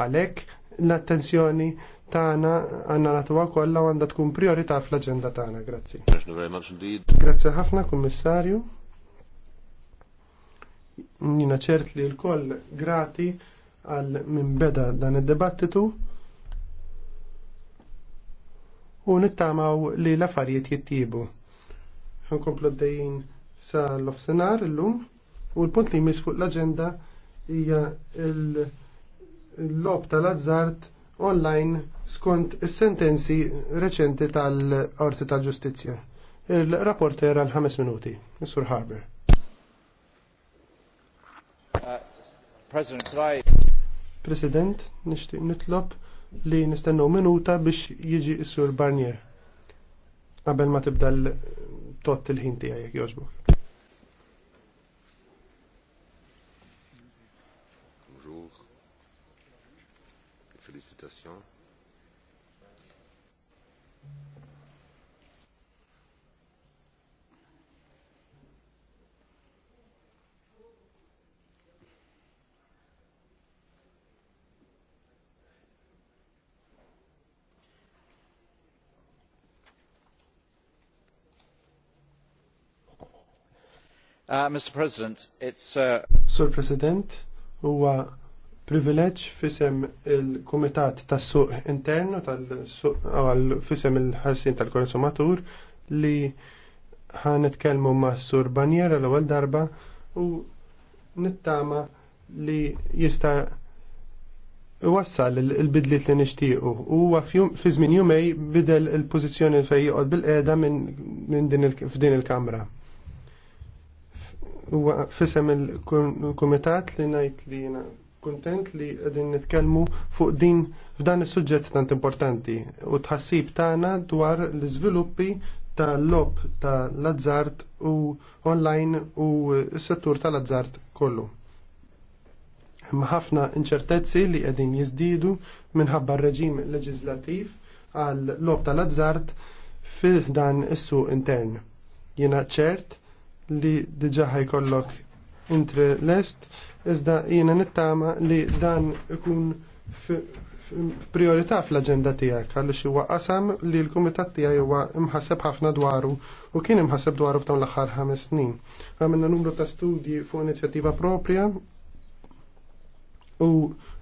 Għalhekk l-attenzjoni tagħna għandna nagħtuha kollha għandha tkun priorità fl agenda tagħna. Grazzi. Grazzi ħafna, Kummissarju. Nina ċert li l-koll grati għal minn beda dan id-debattitu u nittamaw li l-affarijiet jittibu. Ħankomplu d sa l-offsenar l-lum u l-punt li jmiss fuq l-agenda hija il- l-lob tal-azzart online skont is-sentenzi reċenti tal-Qorti tal-Ġustizzja. Il-rapport era l-5 minuti. Mr. Harber. Uh, President, nixtieq nitlob li nistennu minuta biex jiġi s-sur Barnier. Qabel ma tibda l-tot il-ħin għajek jogħġbok. Félicitations. Uh, Mr. President, it's... Uh... Sir President, huwa privileġġ fisem il-Kumitat tas-Suq Internu tal-Suq fisem il-ħarsin tal-Konsumatur li ħanetkellmu ma' Sur Banjera l-ewwel darba u nittama li jista' wassal il-bidliet li nixtiequ u fi żmien jumej bidel il-pożizzjoni fejn joqgħod bil-qiegħda minn din il-kamra huwa fisem il-kumitat li ngħid li jiena kuntent li qegħdin nitkellmu fuq din f'dan is-suġġett tant importanti u tħassib tagħna dwar l-iżviluppi ta' lob ta' l-azzart u online u s-settur tal-azzart kollu. Imma ħafna inċertezzi li qegħdin jiżdiedu minħabba r-reġim leġislattiv għal lob tal-azzart fih dan is-suq intern. Jiena ċert li diġà ħajkollok intre est iżda jiena nittama li dan ikun priorità fl-agenda tiegħek għaliex huwa qasam li l komitat tijak huwa imħasseb ħafna dwaru u kien imħaseb dwaru f'dawn l-aħħar ħames snin. Għamilna numru ta' studji fuq inizjattiva propria u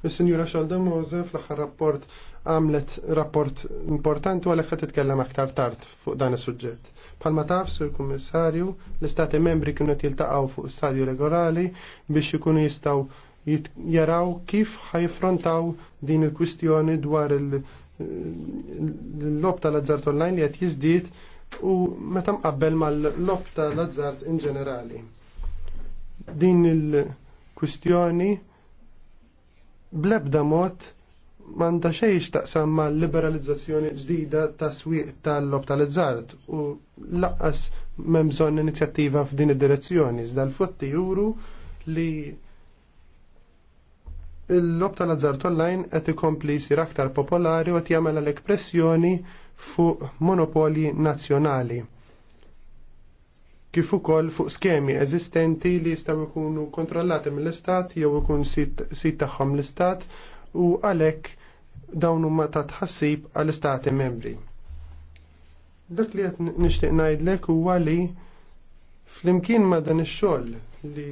s-Sinjura Xalda Mose fl-aħħar rapport għamlet rapport importanti u għalhekk titkellem aktar tard fuq dan is-suġġett. Palma taf, sur kummissarju, l-istati membri kienu jiltaqgħu fuq stadju legorali biex ikunu jistgħu jaraw kif ħajfrontaw din il-kwistjoni dwar l-lob tal-azzart online li qed jiżdied u meta mqabbel mal-lob tal-azzart in ġenerali. Din il-kwistjoni blebda mod manda xejx taqsam ma' liberalizzazzjoni ġdida ta' swieq tal-lob tal-izzard u laqqas memżon inizjattiva f'din id-direzzjoni. Iżda l-fotti juru li il-lob tal-azzart online qed ikompli jsir aktar popolari u qed jagħmel għalhekk pressjoni fuq monopoli nazzjonali kif ukoll fuq skemi eżistenti li jistgħu jkunu kontrollati mill-istat jew ikun sit, sit tagħhom l-istat u għalhekk dawn huma ta' tħassib għall-istati membri. Dak li qed nixtieq ngħidlek huwa li flimkien ma' dan ix-xogħol li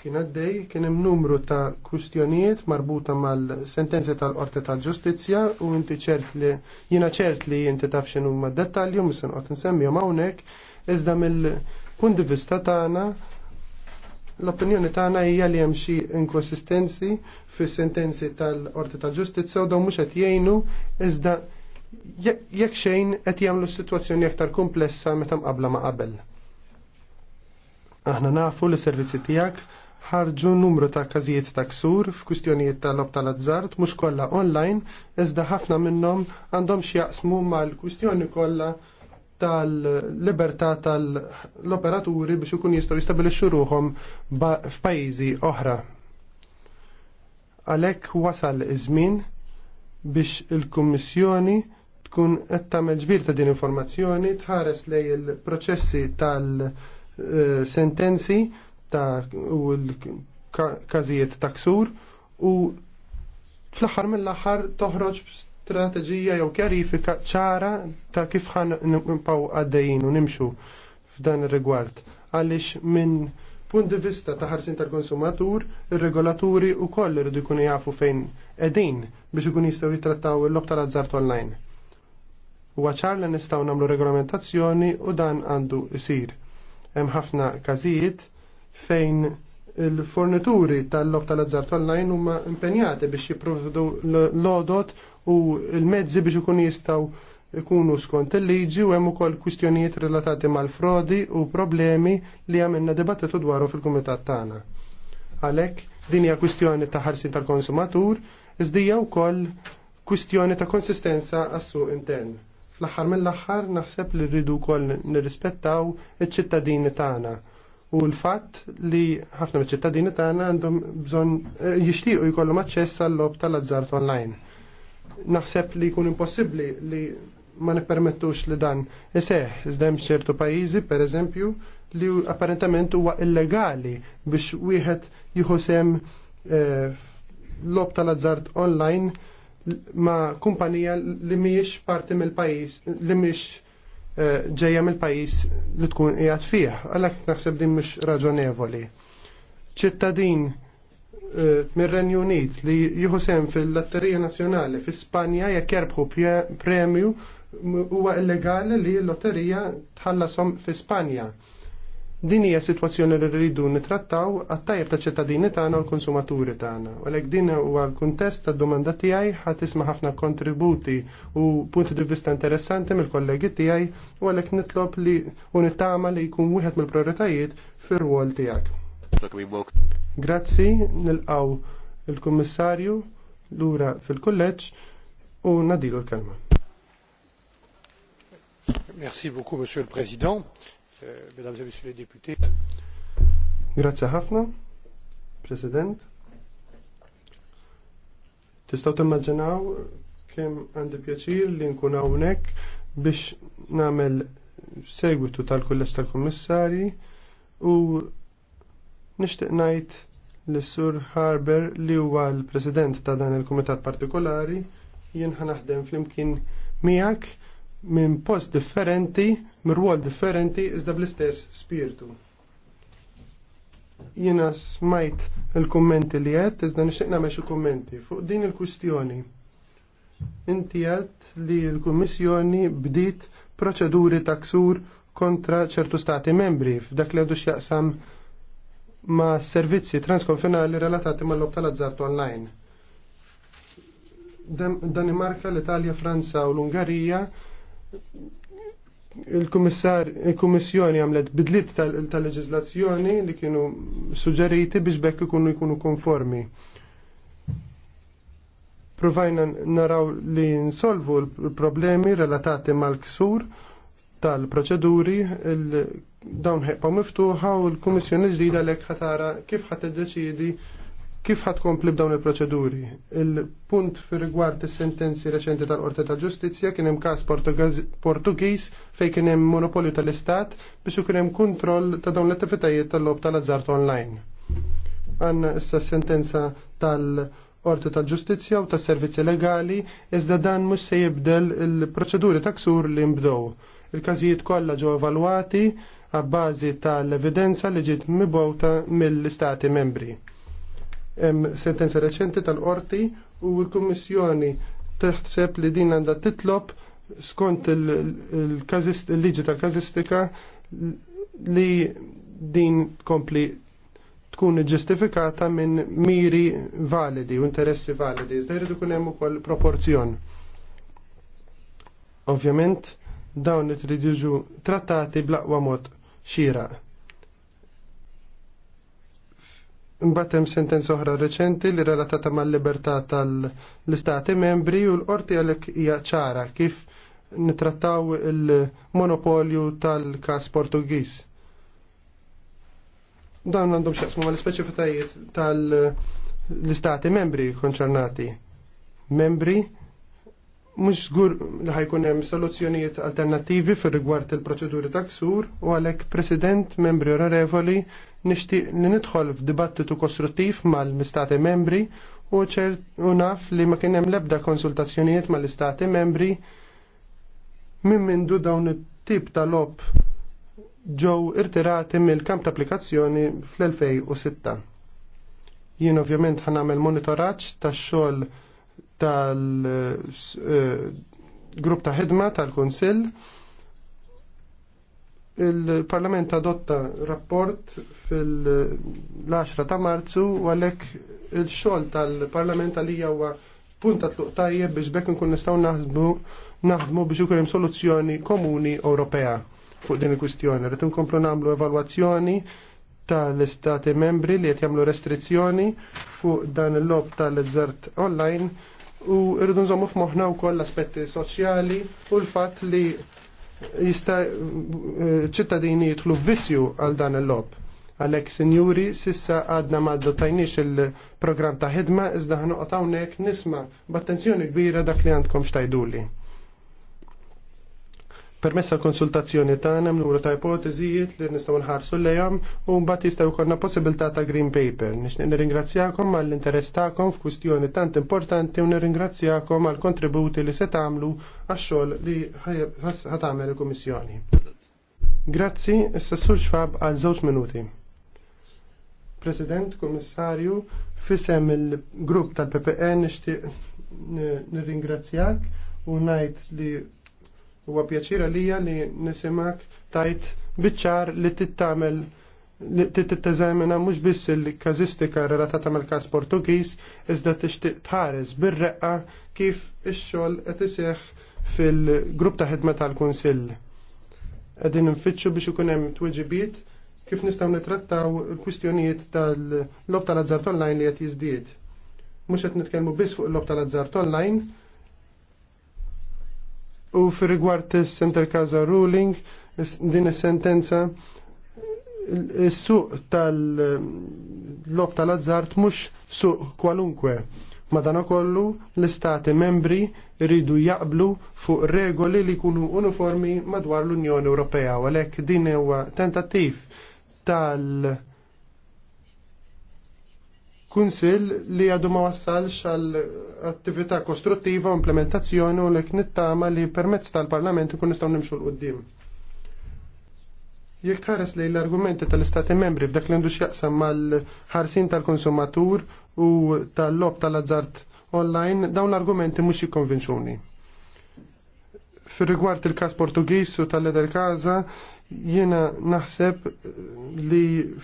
kien għaddej kien hemm numru ta' kwistjonijiet marbuta mal-sentenzi tal-Qorti tal-Ġustizzja u inti ċert li jiena ċert li inti taf x'inhu huma dettalji u mis insemmihom hawnhekk iżda mill-punt di vista tagħna L-opinjoni tagħna hija li hemm xi inkonsistenzi fis-sentenzi tal-Qorti tal-Ġustizzja u dawn mhux qed jgħinu iżda jekk xejn qed jagħmlu s-sitwazzjoni aktar komplessa meta mqabla ma' qabel. Aħna nafu li servizzi tiegħek ħarġu numru ta' każijiet ta' ksur f'kwistjonijiet tal-lob tal-azzart mhux kollha online iżda ħafna minnhom għandhom x'jaqsmu mal-kwistjoni kollha tal-libertà tal-operaturi biex ikun jistgħu jistabilixxu ruhom f'pajjiżi oħra. Għalhekk wasal iż-żmien biex il-Kummissjoni tkun qed tagħmel ġbir ta' din informazzjoni tħares lej il-proċessi tal-sentenzi ta' u l-każijiet ta' ksur u fl-aħħar mill-aħħar toħroġ strateġija jew kjarifika ċara ta' kif ħan nimpaw għaddejjin u nimxu f'dan ir-rigward. Għaliex minn punt di vista ta' ħarsin tal-konsumatur, ir-regolaturi u koll irridu jkunu jafu fejn edin biex ikun jistgħu jittrattaw il lok tal-azzart online. Huwa ċar li nistgħu nagħmlu regolamentazzjoni u dan għandu isir. Hemm ħafna każijiet fejn il-fornituri tal lok tal-azzart online huma impenjati biex jipprovdu l-lodot u l-mezzi biex ikun jistgħu ikunu skont il-liġi u hemm ukoll kwistjonijiet relatati mal-frodi u problemi li għamilna dibattitu dwaru fil-kumitat tagħna. Għalhekk din hija kwistjoni ta' ħarsin tal-konsumatur iżdija wkoll kwistjoni ta' konsistenza għas-suq intern. Fl-aħħar mill-aħħar naħseb li rridu wkoll nirrispettaw iċ-ċittadini tagħna u l-fatt li ħafna mill-ċittadini tagħna għandhom bżonn eh, jixtiequ jkollhom aċċess għall-lob tal-azzart online naħseb li jkun impossibbli li ma nippermettux li dan iseħ iżdem ċertu pajjiżi, per eżempju, li apparentament huwa illegali biex wieħed jħosem l eh, lob tal-azzard online ma' kumpanija li mhijiex parti mill-pajjiż li miex eh, ġejja mill-pajis li tkun qiegħed fih, għalhekk naħseb din mhux raġonevoli. ċittadin Eh, mir-Renju Unit li jieħu sehem fil-Lotterija Nazzjonali fi Spanja jekk jerbħu premju huwa illegali li l-lotterija tħallasom fi Spanja. Din hija sitwazzjoni li rridu nitrattaw għat tajb ta' ċittadini tagħna u l-konsumaturi tagħna. Għalhekk din huwa l-kuntest tad-domanda tiegħi ħadd isma' ħafna kontributi u punti di vista interessanti mill-kollegi tiegħi u għalhekk nitlob li u nittama li jkun wieħed mill-prioritajiet fir-rwol tiegħek. Grazzi, nilqaw il-Kummissarju lura fil-kulleġġ u nadilu l-kelma. Merci beaucoup, Monsieur le Président, euh, Mesdames et Messieurs les députés. Grazie ħafna, President. Tistaw timmaġinaw kemm għandi pjaċir li nkun hawnhekk biex nagħmel segwitu tal-kulleġġ tal-kummissarji u Nixtieq ngħid li Sur Harber li huwa l-President ta' dan il-Kumitat Partikolari jien ħanaħdem flimkien miegħek minn post differenti, minn rwol differenti, iżda bl-istess spiritu. Jiena smajt il kummenti li għed, iżda nixtieq nagħmel xi kummenti fuq din il-kwistjoni. Inti għed li l-Kummissjoni bdiet proċeduri ta' ksur kontra ċertu stati membri f'dak li għadu x'jaqsam ma' servizzi transkonfinali relatati mal lob tal-azzartu online. Danimarka, l-Italja, Franza u l-Ungarija il-Kummissjoni għamlet bidlit tal-leġizlazzjoni li kienu suġġeriti biex bekk ikunu jkunu konformi. Provajna naraw li nsolvu l-problemi relatati mal-ksur tal-proċeduri, dawn ħeqpa miftuħa u l-Kummissjoni ġdida lek ħatara kif ħat deċidi kif ħat kompli b'dawn il-proċeduri. Il-punt fi rigward is-sentenzi reċenti tal-Qorti ta' Ġustizzja kien hemm każ Portugiż fejn kien hemm monopolju tal-Istat biex ikun hemm kontroll ta' dawn l-attivitajiet tal-lob tal-azzart online. Għanna issa sentenza tal- orti tal-ġustizja u tas servizzi legali, iżda dan mhux se jibdel il-proċeduri ta' ksur li mbdow. Il-każijiet kollha ġew evalwati għabbażi tal-evidenza li ġiet mibgħuta mill-istati membri. Hemm sentenza reċenti tal-qorti u l-Kummissjoni teħseb li din għandha titlob skont il-liġi tal-kazistika li din kompli tkun ġustifikata minn miri validi u interessi validi. Iżda jridu kun hemm ukoll proporzjon. Ovvjament, dawn li tridu trattati blaqwa mod xira. Imbagħad hemm sentenza oħra reċenti li relatata mal-libertà tal-istati membri u l-qorti għalhekk hija ċara kif nitrattaw il-monopolju tal-każ Portugiż. Dan għandhom x'jaqsmu mal speċifitajiet tal-istati membri konċernati. Membri mhux żgur li ħajkun hemm soluzzjonijiet alternattivi fir rigward il-proċeduri ta' ksur u għalhekk President membri onorevoli nixtieq li nidħol f'dibattitu kostruttiv mal-Istati membri u ċert u naf li ma kien hemm l-ebda konsultazzjonijiet mal-Istati membri minn mindu dawn it-tip ta' lob ġew irtirati mill-kamp ta' applikazzjoni fl-2006. Jien ovvjament ħanamel monitoraġġ tax-xogħol tal-grupp eh, ta' ħidma tal-Kunsill. Il-Parlament adotta rapport fil-10 ta' Marzu u għalhekk il-xogħol tal-Parlament għalija huwa punta tluq tajjeb biex bekk nkun nistgħu naħdmu naħdmu biex ikun hemm soluzzjoni komuni Ewropea fuq din il-kwistjoni. Rrid inkomplu nagħmlu evalwazzjoni tal-istati membri li qed jagħmlu restrizzjoni fuq dan il-lob tal-eżert online u irridu nżommu f'moħħna wkoll l-aspetti soċjali u l-fatt li jista ċittadini jitlu vizzju għal dan il-lob. Għalek, sinjuri, sissa għadna ma tajnix il-program ta' ħidma, iżda ħnuqot hawnhekk nisma' b'attenzjoni kbira dak li għandkom xtajduli. Permessa l-konsultazzjoni tagħna numru ta' ipotezijiet li nistgħu nħarsu lejhom u mbagħad jista' konna possibilità ta' green paper. Nixtieq nirringrazzjakom għall-interess tagħkom f'kwistjoni tant importanti u nirringrazzjakom għall-kontributi li se tagħmlu għax-xogħol li ħatamel il-Kummissjoni. Grazzi, issa sur xfab għal żewġ minuti. President, Kommissarju, fisem il-grupp tal-PPN e nixtieq nirringrazzjak u ngħid li Huwa pjaċira lija li nisimak tajt bitċar li tittamel li titteżamina mhux biss il-kazistika relatata mal-każ Portugiż iżda tixtieq tħares bir-reqqa kif ix-xogħol qed iseħħ fil-grupp ta' ħidma tal-Kunsill. Qegħdin nfittxu biex ikun hemm tweġibiet kif nistgħu nitrattaw il-kwistjonijiet tal-lob tal-azzart online li qed jiżdied. Mhux qed nitkellmu biss fuq il-lob tal-azzart online, U fir-rigward Center Casa Ruling, din is-sentenza is-suq tal-lob tal-azzart mhux suq kwalunkwe. Madanakollu l-istati membri rridu jaqblu fuq regoli li jkunu uniformi madwar l-Unjoni Ewropea, għalhekk din huwa tentativ tal- kunsil li għadu ma wassalx għal attività kostruttiva u implementazzjoni u li knittama li permezz tal-Parlament kun nistaw nimxu l qoddim Jekk tħares li l-argumenti tal-Istati membri f'dak li ndux jaqsam mal-ħarsin tal-konsumatur u tal-lob tal-azzart online, dawn l-argumenti mhux jikkonvinċuni. Fir rigward il-kas Portugis u tal-leder kaza, Jiena naħseb li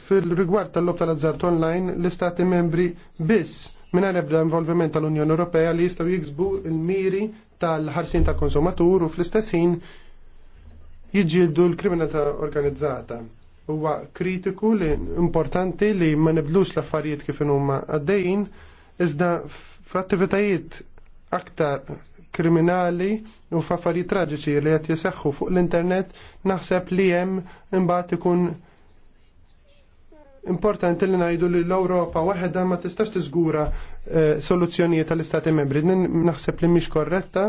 fil-rigward tal-lob tal-azzart online l-istati membri biss minna ebda involviment tal-Unjoni Ewropea li jistaw jiksbu il-miri tal-ħarsin tal-konsumatur u fl istessin ħin jiġġieldu l-kriminalità organizzata huwa kritiku li importanti li ma neblux l-affarijiet kif huma għaddejjin iżda f'attivitajiet aktar kriminali u f'affarijiet traġiċi li qed jiseħħu fuq l-internet naħseb li hemm imbagħad ikun importanti li ngħidu li l-Ewropa waħedha ma tistax tiżgura eh, soluzzjonijiet tal-Istati Membri. Naħseb li mhix korretta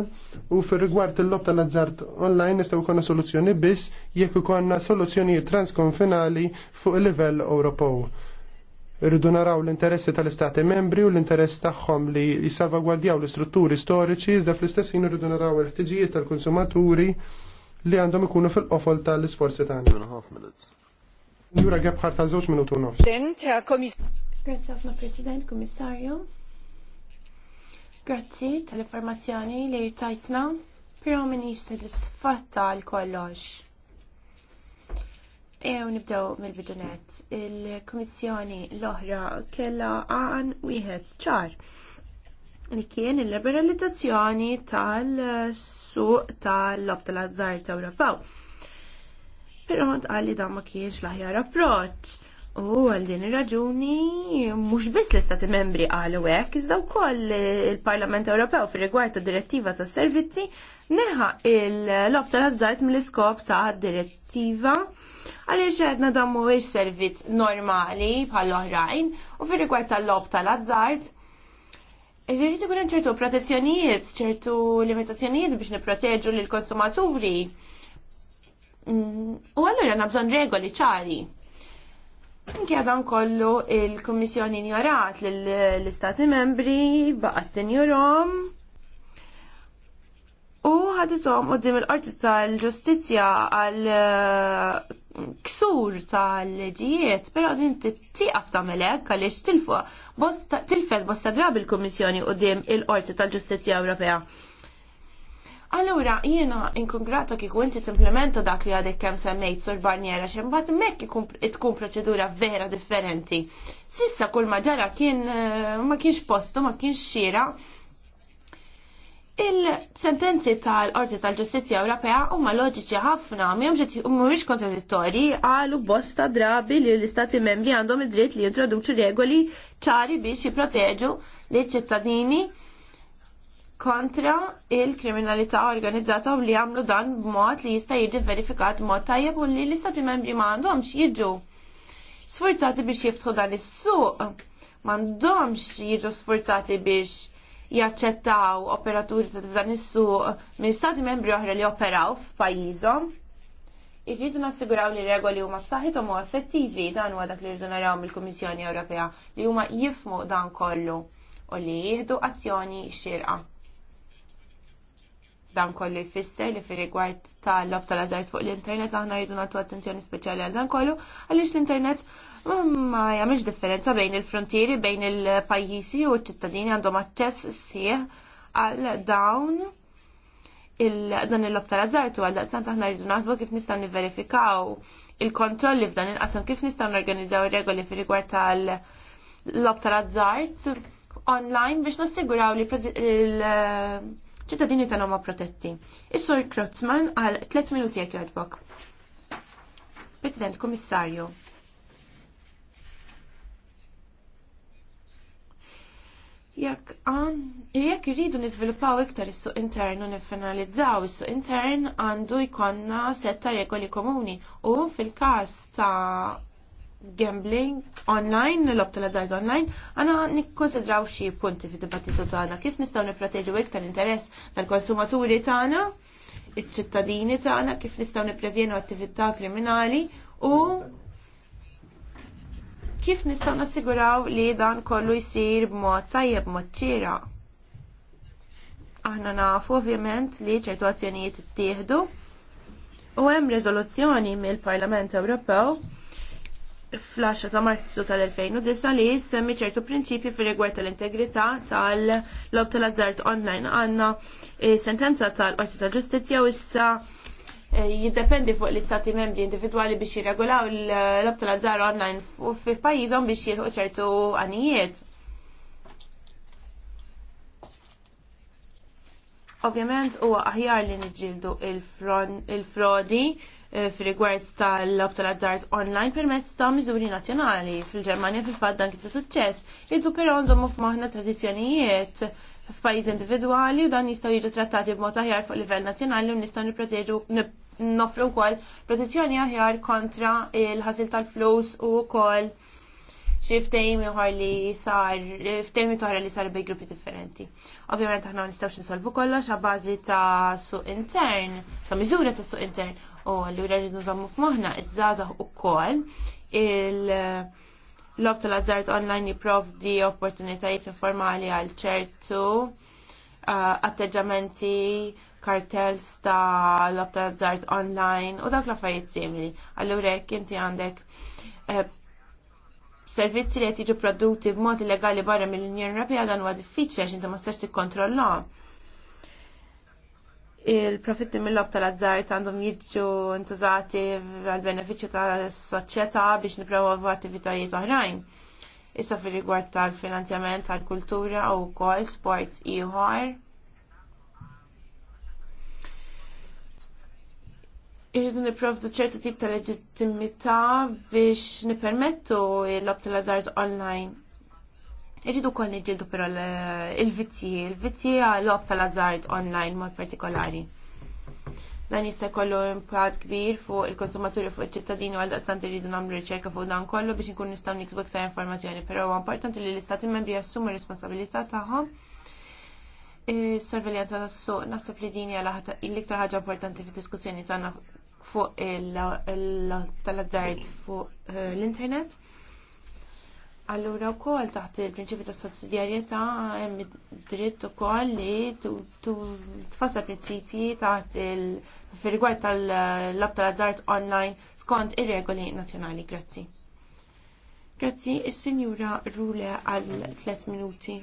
u fir rigward il-lob tal-azzart online nistgħu jkollna soluzzjoni biss jekk ikollna soluzzjonijiet transkonfinali fuq il-livell Ewropew. Irridu naraw l-interessi tal-Istati membri u l-interess tagħhom li jisavagwardjaw l-istrutturi storiċi iżda fl-istess ħin irridu naraw il-ħtiġijiet tal-konsumaturi li għandhom ikunu fil-qofol tal-isforzi tagħna. Jura Gebhardt tal żewġ minutu nofs. Uh, Grazie ħafna President, Kummissarju. Grazzi tal-informazzjoni li tajtna, però minix disfatta għal kollox. Ew nibdew mill-bidunet. Il-Kummissjoni l-oħra kellha għan wieħed ċar li kien il-liberalizzazzjoni tal-suq tal-lob tal-azzar ta' Ewropew. Però tqal li dan ma kienx l-aħjar approċċ. U għal din ir-raġuni mhux biss l-Istati Membri qalu hekk, iżda wkoll il-Parlament Ewropew fir-rigward tad-direttiva tas-servizzi neħa il-lob tal-azzart mill-iskop ta' direttiva Għaliex għedna dan mhuwiex servizz normali bħall-oħrajn u fir-rigward tal-lob tal-azzard Irrid ikun hemm ċertu protezzjonijiet, ċertu limitazzjonijiet biex nipproteġu lill konsumaturi. Mm, u allura għandna bżonn regoli ċari. Anke dan kollu il-Kummissjoni ignorat lill istati membri baqgħet tinjurhom Ħadithom u dim il-qorti tal-ġustizja għal eh, ksur tal-leġijiet, pero din tittiqaf tamelek għalix tilfed bosta drab il-Komissjoni u dim il-qorti tal-ġustizja Ewropea. Allura, jiena inkongrata kieku inti t-implementa dak li għadek kem semmejt sur barniera xembat mekk tkun proċedura vera differenti. Sissa kull maġara kien eh, ma kienx postu, ma kienx xira, Il-sentenzi tal-Qorti tal-Ġustizzja Ewropea huma loġiċi ħafna mhemmx mhumiex kontradittorji għalu bosta drabi li l-Istati membri għandhom id-dritt li jintroduċu regoli ċari biex jipproteġu l ċittadini kontra il-kriminalità organizzata u li għamlu dan b'mod li jista' jiġi verifikat b'mod tajjeb u li l-Istati membri m'għandhomx jiġu sforzati biex jiftħu dan is-suq m'għandhomx jiġu sforzati biex jaċċettaw operaturi ta' dan is-suq minn stati membri oħra li operaw f'pajjiżhom. Irridu nassiguraw li regoli huma b'saħħithom u effettivi dan huwa dak li rridu naraw mill-Kummissjoni Ewropea li huma jifmu dan kollu u li jieħdu azzjoni xirqa. Dan kollu jfisser li fir-rigward tal-lob tal-azzart fuq l-internet aħna rridu nagħtu attenzjoni speċjali għal dan kollu għaliex l-internet ma jagħmilx differenza bejn il-frontieri bejn il-pajjiżi u ċ-ċittadini għandhom aċċess sieħ għal dawn dan il-lob tal-azzartu għal daqstant aħna rridu naħsbu kif nistgħu niverifikaw il-kontrolli f'dan il-qasam kif nistgħu norganizzaw regoli fi rigward tal-lob tal-azzart online biex nassiguraw li il-ċittadini tagħhom ma protetti. Is-Sur Krotzman għal 3 minuti jekk jogħġbok. President Kummissarju, Jekk jekk irridu niżviluppaw iktar is-suq intern u nifinalizzaw is-suq intern għandu jkollna setta regoli komuni u fil-każ ta' gambling online, l-obta l-azzard online, għana nikkonsidraw xie punti fi dibattitu tagħna kif nistgħu nipproteġu iktar interess tal-konsumaturi tagħna, iċ-ċittadini tagħna, kif nistgħu nipprevjenu attività kriminali u Kif nistgħu nassiguraw li dan kollu jsir b'mod tajjeb b'mod ċira? Aħna nafu ovvjament li ċertu azzjonijiet ittieħdu u hemm riżoluzzjoni mill-Parlament Ewropew fl-10 ta' Marzu tal-2009 li jissemmi ċertu prinċipji fir rigward tal-integrità tal-lob tal-azzart online għandna eh, sentenza tal-Qorti tal-Ġustizzja u issa Eh, jiddependi fuq l-istati membri individwali biex jirregolaw l-lob tal-azzar online u pajizom biex jirħu ċertu għanijiet. Ovvjament huwa aħjar li niġġieldu il-frodi eh, fil-rigward tal-lob tal-azzar online permezz ta' miżuri nazzjonali. Fil-Ġermanja fil-fatt dan kittu suċċess, jiddu però nżommu f'maħna tradizzjonijiet f'pajjiż individwali u dan jistgħu jiġu trattati b'mod aħjar fuq livell nazzjonali u nistgħu nipproteġu noffru wkoll protezzjoni aħjar kontra il-ħasil tal-flus u wkoll xi ftehim ieħor li sar ftehim ieħor li sar bej gruppi differenti. Ovvjament aħna ma nistgħux insolvu kollox għal bażi ta' suq intern, ta' miżura ta' suq intern u allura rridu nżommu f'moħħna iż-żgħażagħ ukoll il- L-ok tal-azzart online di opportunitajiet informali għal ċertu uh, atteġġamenti kartels ta' l-ok tal-azzart online u dak l-affarijiet simili. Allura jekk inti għandek eh, servizzi li qed jiġu produtti b'mod illegali barra mill-Unjoni Ewropea dan huwa diffiċli għax inti ma tistax tikkontrollahom il-profitti mill-lob tal azzar għandhom jiġu intużati għal-beneficju tal-soċjetà biex nipromovu attivitajiet oħrajn. Issa fi rigward tal-finanzjament tal-kultura u kol sport ieħor. Irridu niprovdu ċertu tip ta' leġittimità biex nipermettu l-lob tal azzar online Irridu kol nġildu però il-vizzi, il-vizzi għal-lob tal-azzard online mod partikolari. Dan jista' kollu impatt kbir fuq il-konsumaturi fuq iċ-ċittadini għal daqstant irridu nagħmlu riċerka fuq dan kollu biex inkun nistaw niksbu iktar informazzjoni, però huwa importanti li l-istati membri jassumu r-responsabilità tagħhom e, sorveljanza tas-suq naħseb li din hija l-iktar ħaġa importanti fid-diskussjoni tagħna fuq il-tal-azzard fuq eh, l-internet Allura wkoll taħt il-prinċipju ta' sussidjarjetà hemm id-dritt ukoll li tfassal prinċipji taħt il rigward tal-lab tal-azzart online skont ir-regoli nazzjonali. Grazzi. Grazzi, is-Sinjura Rule għal 3 minuti.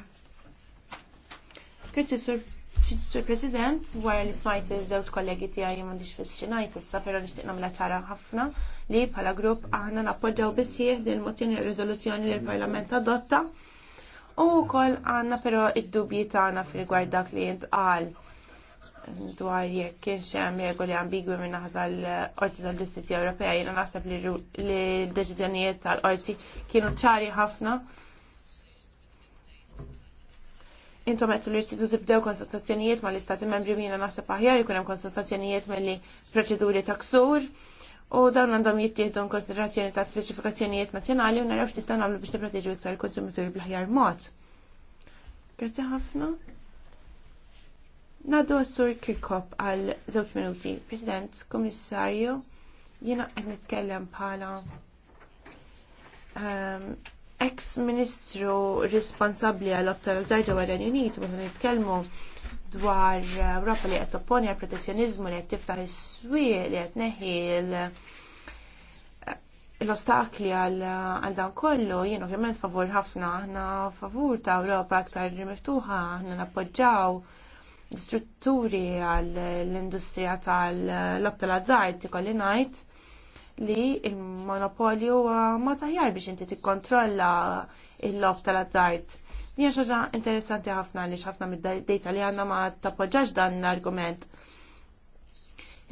Grazzi, sir. Mr. President, wara li smajt iż-żewġ kollegi tiegħi m'għandix fis xi ngħid issa però nixtieq nagħmilha ċara ħafna li bħala grupp aħna nappoġġaw bissieħ din mozzjoni riżoluzzjoni li l-Parlament adotta. U wkoll għandna però id-dubji tagħna f'rigward dak li jintqal dwar jekk kienx hemm regoli ambigwi minn naħa l-Qorti tal-Ġustizzja Ewropea jiena naħseb li l-deċiżjonijiet tal-Qorti kienu ċari ħafna intom qed li rtidu tibdew konsultazzjonijiet mal istati membri mina naħseb aħjar ikun hemm konsultazzjonijiet milli proċeduri ta' ksur u dawn għandhom jittieħdu konsiderazzjoni ta' speċifikazzjonijiet nazzjonali u naraw x'nistgħu nagħmlu biex nipproteġu iktar il-konsumituri bl-aħjar mod. Grazzi ħafna. Nadu għas-sur Kirkop għal żewġ minuti. President, Komissarju, jiena qed nitkellem bħala ehm, ex-ministru responsabli għal abtar għal Renju Unit meta nitkellmu dwar Europa li qed għal protezjonizmu li qed tiftaħ is li għattneħi eh, l-ostakli għal dan kollu, jien ovvjament favur ħafna, aħna favur ta' Ewropa aktar miftuħa, aħna nappoġġaw strutturi għall industrija tal-lob tal-azzart, ikolli ngħid li il-monopolju uh, ma taħjar biex inti tikkontrolla il-lob tal-azzart. Dija xaġa interessanti ħafna li xafna mid-dejta li għanna ma tappoġġax dan l-argument.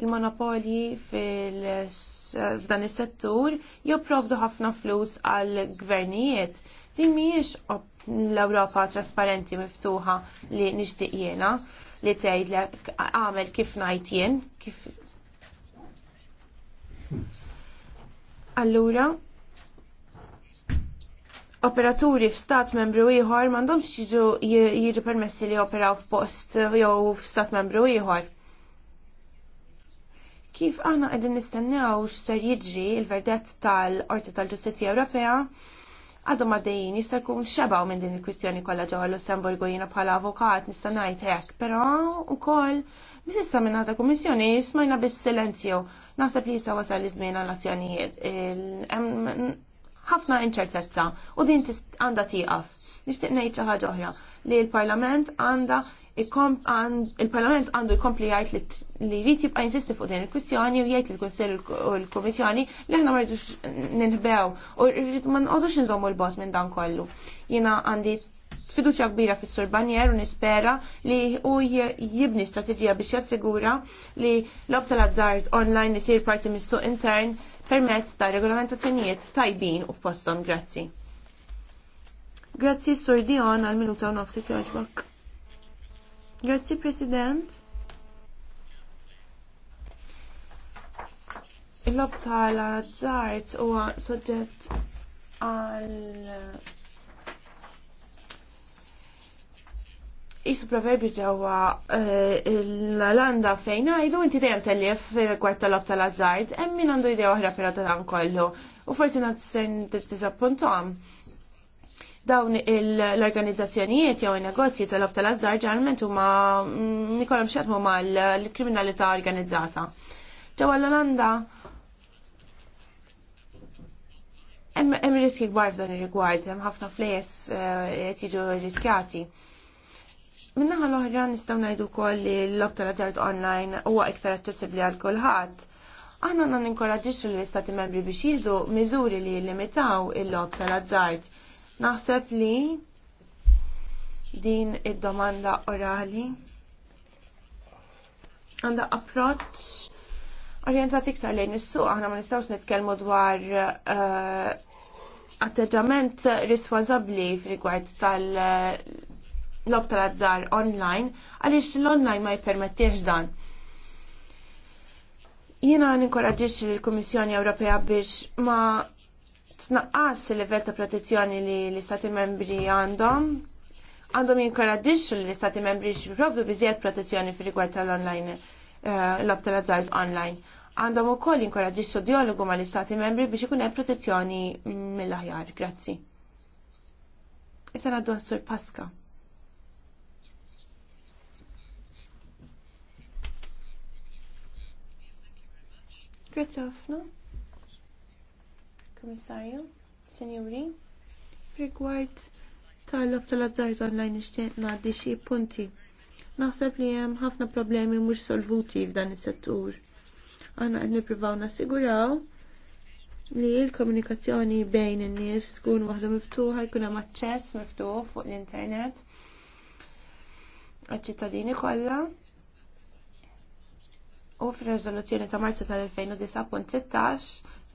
Il-monopoli f'dan is-settur jopprovdu ħafna flus għal gvernijiet. Din mhijiex l-Ewropa trasparenti miftuħa li nixtieq jiena li tgħid għamel kif ngħid jien, kif Allura, operaturi f'stat membru ieħor m'għandhomx jiġu jiġu permessi li operaw f'post jew f'stat membru ieħor. Kif aħna qegħdin nistennew x'ser jiġri l-verdett tal-Qorti tal-Ġustizzja Ewropea, għadhom għaddejjin jista' jkun xebgħu minn din il-kwistjoni kollha ġewwa Lussemburgu jiena bħala avukat nista' ngħid hekk, però wkoll biss issa minn ħadd kummissjoni smajna bis silenzju Naħseb li jista' wasal izmina l azzjonijiet Ħafna inċertezza u din għandha tieqaf. Nixtieq ngħid xi ħaġa oħra li l-Parlament għandha il-Parlament għandu jkompli jgħid li jrid jibqa' jinsisti fuq din il-kwistjoni u jgħid il-Kunsill u l-Kummissjoni li aħna ma rridux ninħbew u rrid ma nqogħdux inżommu l-bot minn dan kollu. Jiena għandi fiduċja kbira fis-Sur Banjer u nispera li hu jibni strateġija biex jassigura li l-ob tal-azzard online jisir parti mis-suq intern permezz ta' regolamentazzjonijiet tajbin u f'postom. Grazzi. Grazzi Sur Dion għal minuta u nofsi fjoġbok. Grazzi President. Il-lob tal-azzard huwa soġġett għal Isu proverbju ġewwa eh, l landa fejn ngħidu inti dejjem tellif rigward tal-lob tal-azzard, hemm min għandu idea oħra fil dan kollu. U forsi sen tiżappuntom. Dawn l-organizzazzjonijiet jew in-negozji tal-lob tal-azzard ġarment huma nikolhom mm, x'jaqsmu mal-kriminalità organizzata. Ġewwa l olanda hemm riski kbar f'dan ir-rigward, hemm ħafna flejes eh, qed jiġu riskjati. Minnaħa l-oħra nistaw najdu kol li l-lob tal-azzart online huwa iktar aċċessibbli għal kulħadd. Aħna għandna ninkoraġġixxu l-istati membri biex jieħdu miżuri li limitaw il-lob tal-azzart. Naħseb li din id-domanda orali għandha approċċ orjentat iktar lejn is-suq aħna ma nistgħux nitkellmu dwar eh, atteġġament responsabbli f'rigward tal- lob l azzar online għaliex l-online ma jpermettiex dan. Jiena ninkoraġġix l-Kummissjoni Ewropea biex ma tnaqqas il-livell ta' protezzjoni li l-Istati membri għandhom għandhom jinkoraġġixxu l-Istati membri jipprovdu biżjed protezzjoni fi rigward tal-online eh, lob l-azzar online. Għandhom ukoll jinkoraġġixxu dialogu mal istati membri biex ikun hemm protezzjoni mill-aħjar. Grazzi. Issa ngħaddu għas-Sur Pasqa. Grazie ħafna. Kommissarju, senjuri, rigward tal-lob tal-azzart online nixtieq ngħaddi xi punti. Naħseb li hemm ħafna problemi mhux solvuti f'dan is-settur. Aħna qed nippruvaw nassiguraw li l-komunikazzjoni bejn in-nies tkun waħda miftuħa, jkun hemm aċċess miftuħ fuq l-internet għaċ-ċittadini kollha U fir rezoluzzjoni ta' Marzu tal 2016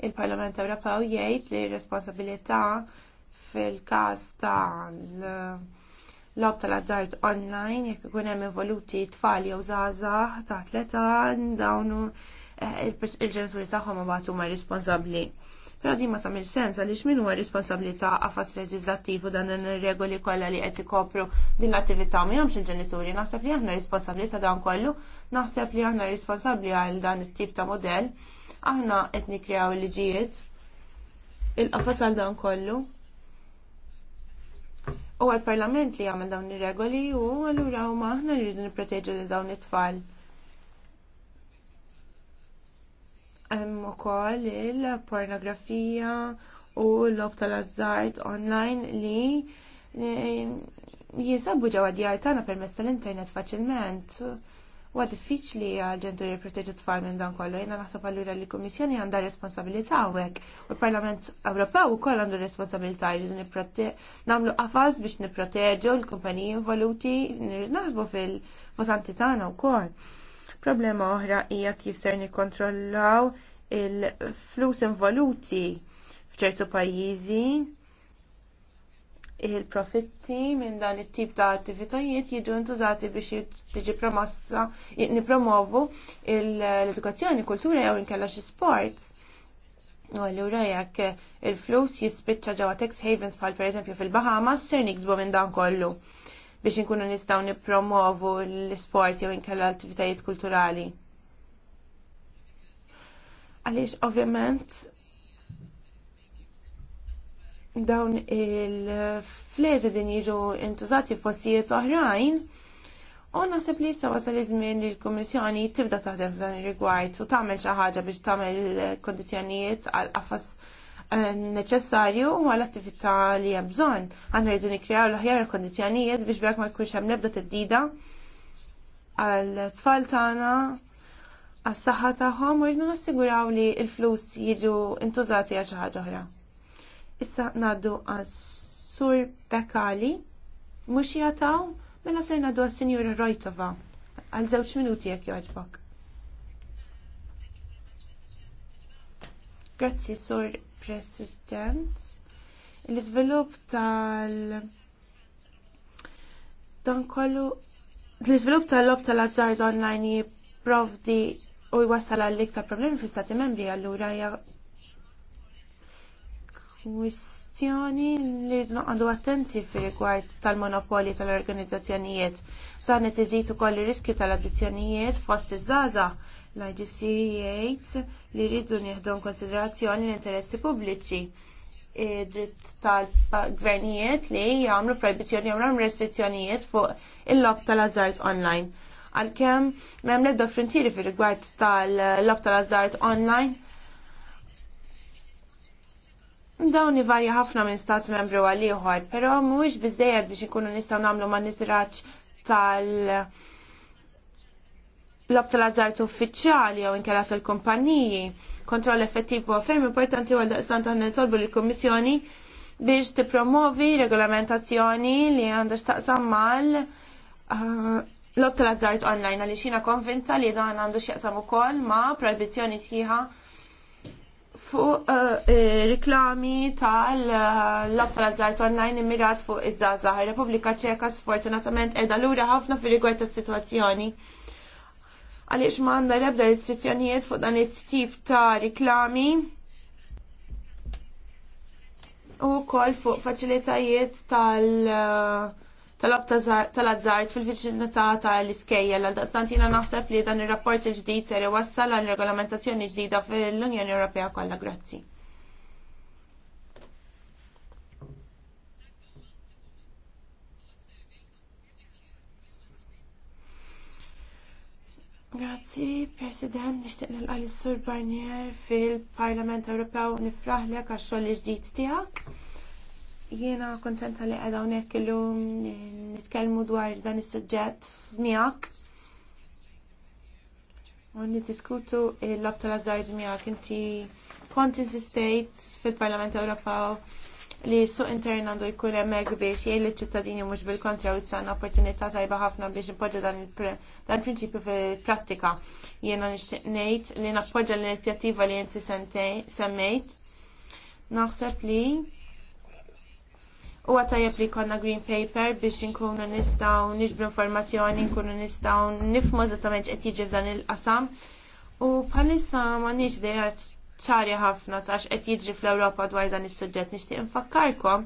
il-Parlament Ewropew jgħid li r-responsabilità fil-każ tal-lob tal-azzard online jekk ikun hemm involuti tfal jew żgħażagħ ta' tleta dawn eh, il-ġenituri tagħhom ma bagħtu ma responsabbli. Pero di ma tagħmel sens għaliex min huwa responsabbli għafas qafas u dan ir-regoli kollha li qed ikopru din l-attività m'hemmx il-ġenituri. Naħseb li aħna responsabbli ta' dan kollu, naħseb li aħna responsabbli għal dan it-tip ta' modell. Aħna qed nikkrew il-liġijiet il-qafas għal dan kollu. U għal-parlament li għamil dawn ir-regoli u għallura u maħna rridu nipproteġu li dawn it-tfal. Hemm ukoll il-pornografija u l-lob tal-azzart online li jinsabu ġewwa djar tagħna permezz tal-internet faċilment. Huwa diffiċli għal ġenituri t tfal minn dan kollu. Jiena naħseb allura li l-Kummissjoni għandha responsabilità hawnhekk u l-Parlament Ewropew ukoll għandu responsabilità li nagħmlu qafas biex nipproteġu l-kumpaniji involuti naħsbu fil-votanti tagħna wkoll Problema oħra hija kif ser nikkontrollaw il-flus involuti f'ċertu pajjiżi il-profitti minn dan it-tip ta' attivitajiet jiġu ntużati biex tiġi promossa nipromovu l-edukazzjoni, kultura jew inkella xi sport. U allura jekk il-flus jispiċċa ġewwa tax havens bħal pereżempju fil-Bahamas ser niksbu minn dan kollu biex inkunu nistgħu nippromovu l-isport jew inkella l-attivitajiet kulturali. Għaliex ovvjament dawn il-flezi din jiġu intużati f'postijiet oħrajn U naħseb li issa wasal iż-żmien li l-Kummissjoni tibda taħdem f'dan ir-rigward u tagħmel xi ħaġa biex tagħmel kondizzjonijiet għal qafas neċessarju u għall-attività li hemm bżonn. Għandna rridu nikkrew l ħjar kondizjonijiet biex bekk ma jkunx hemm nebda t-dida għall-tfal tagħna għas-saħħa tagħhom u rridu nassiguraw li l-flus jiġu intużati għal xi ħaġa oħra. Issa ngħaddu għas-sur Bekali mhux jataw mela ser ngħaddu għas sinjur Rojtova għal żewġ minuti jekk jogħġbok. Grazzi, Sur President. L-iżvilupp tal- dan kollu l-iżvilupp tal-lob tal-azzard online jipprovdi u jwassal għal iktar problemi fi stati membri allura hija kwistjoni li għandu attenti fi rigward tal-monopoli tal-organizzazzjonijiet. Dan qed iżid ukoll ir-riskju tal-addizzjonijiet fost iż-żaża L-IGC e jgħid li rridu nieħdu konsiderazzjoni l-interessi pubbliċi dritt tal-gvernijiet li jagħmlu jew jagħmlu restrizzjonijiet fuq il-lob tal-azzart online. Għalkemm m'hemm l-ebda frontieri fir rigward tal-lob tal-azzart online. Dawn varja ħafna minn stat membru għal ieħor, però mhuwiex biżżejjed biex ikunu nistgħu nagħmlu ma' tal- blob tal-azzart uffiċjali jew inkella tal kumpanniji kontroll effettiv huwa ferm importanti għal daqstan ta' nitolbu l-Kummissjoni biex tippromovi regolamentazzjoni li għandha taqsam mal ah, lob tal-azzart online għaliex xina konvinta li dan għandu x'jaqsam ukoll ma' proibizzjoni sħiħa fuq eh, eh, riklami tal-lob eh, tal-azzart online immirat fuq iż-żgħażagħ. Republika repubblika Ċeka sfortunatament qiegħda lura ħafna fir-rigward tas-sitwazzjoni għaliex ma għandha l-ebda restrizzjonijiet fuq dan it-tip ta' riklami u wkoll fuq faċilitajiet tal- eh, tal-azzart fil-vicinità tal-iskejja għal-daqstantina naħseb li dan ir rapport il-ġdid ser iwassal għal regolamentazzjoni ġdida fil-Unjoni Ewropea kollha. Grazzi. Grazzi, President, nixtieq nilqa' lis-Sur Barnier fil-Parlament Ewropew li għax-xogħol ġdid tiegħek. Jiena kontenta li nek hawnhekk illum nitkellmu dwar dan is-suġġett miegħek. U niddiskutu l lobta tal-azzard miegħek inti kont insistejt fil-Parlament Ewropew li suq intern għandu jkun hemmhekk biex jgħin liċ-ċittadini mhux bil-kontra u issa opportunità tajba ħafna biex nipoġġa dan il-prinċipju fil-prattika. Jiena nixtieq ngħid li nappoġġa l-inizjattiva li inti semmejt. Naħseb li u għatajab li konna green paper biex nkunu nistaw nġbru informazzjoni, nkunu nistaw nifmu eżattament qed f'dan il-qasam. U bħalissa ma nix dejat ċari ħafna ta' x'qed jiġri fl-Ewropa dwar dan is-suġġett. Nixtieq infakkarkom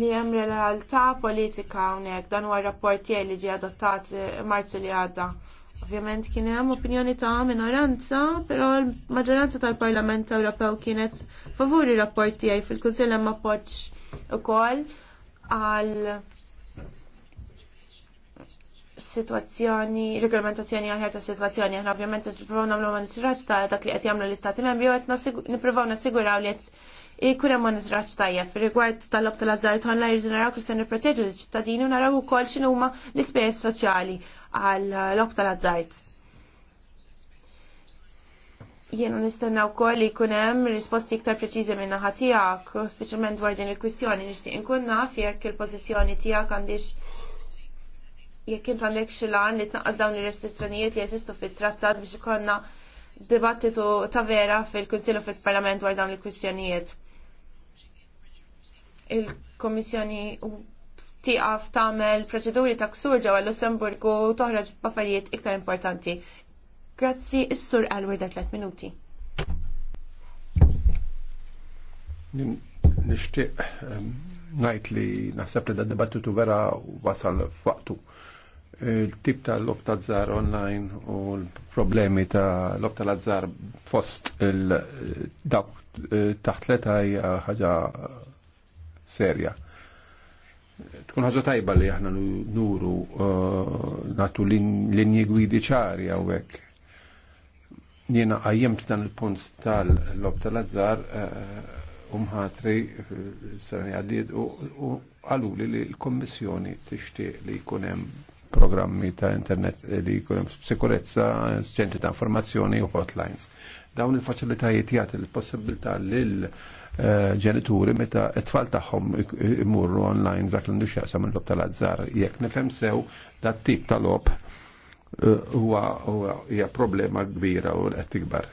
li hemm realtà politika hawnhekk dan huwa tiegħi li ġie adottat Marzu li għadda. Ovvjament kien hemm opinjoni ta' minoranza, però l-maġġoranza tal-Parlament Ewropew kienet favuri tiegħi fil-Kunsill hemm appoġġ ukoll għal situazzjoni, regolamentazzjoni aħjar ta' situazzjoni, aħna ovvjament nippruvaw nagħmlu monitoraġġ ta' dak li qed jagħmlu l-Istati Membri u qed nippruvaw nassiguraw li qed ikun hemm ta' tajjeb. Rigward tal-lob tal-azzar tħolla jirdu naraw kristjan se nipproteġu l-ċittadini u naraw ukoll x'inhu ma' l-ispejjeż soċjali għal lob tal-azzar. Jiena nistenna wkoll li jkun hemm risposti iktar preċiżi minna naħa tiegħek, speċjalment dwar din il-kwistjoni nixtieq inkun naf il-pożizzjoni tiegħek għandix jekk int għandek xilan li tnaqqas dawn ir-restrizzjonijiet li jeżistu fit-trattat biex ikonna dibattitu ta' vera fil-Kunsill u fil-Parlament dwar dawn il-kwistjonijiet. Il-Kommissjoni tiqaf tagħmel proċeduri ta' ksur ġewwa Lussemburgu toħroġ b'affarijiet iktar importanti. Grazzi, is-sur għal-werda 3 minuti. Nishtiq ehm, najt li naħseb li da dibattitu vera wasal f'waqtu il-tip ta' lob ta' zar online u l-problemi ta' lob ta' zar fost il-dawk eh, taħt leta hija ħaġa serja. Tkun ħaġa tajba li aħna nuru eh, natu l-inji gwidi ċari għawek. Jena għajjemt dan il-punt tal-lob l azzar eh, umħatri s-sarni għaddit u għaluli li l-Kommissjoni tixtieq li jkunem programmi ta' internet li jkun hemm sikurezza, ċentri ta' informazzjoni u hotlines. Dawn il-faċilitajiet jagħti l-possibilità lil eh, ġenituri meta t-tfal tagħhom imurru online dak l xaqsa minn l lob tal-azzar. Jekk nifhem sew dat tip tal-lob eh, huwa hija problema kbira u qed tikbar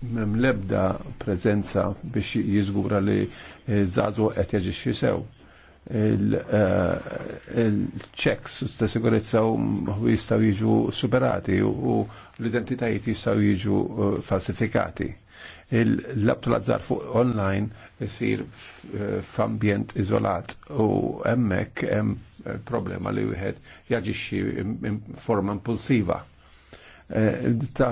mem lebda prezenza biex jiżgura li eh, zazu qed jaġixxi sew il-checks eh, uh, ta' sigurezza u jistaw jiġu superati u l-identitajiet jistaw jiġu uh, falsifikati. l labtu lazzar fuq online jisir eh, f'ambjent izolat u emmek em problema li wieħed jaġixxi forma impulsiva Eh,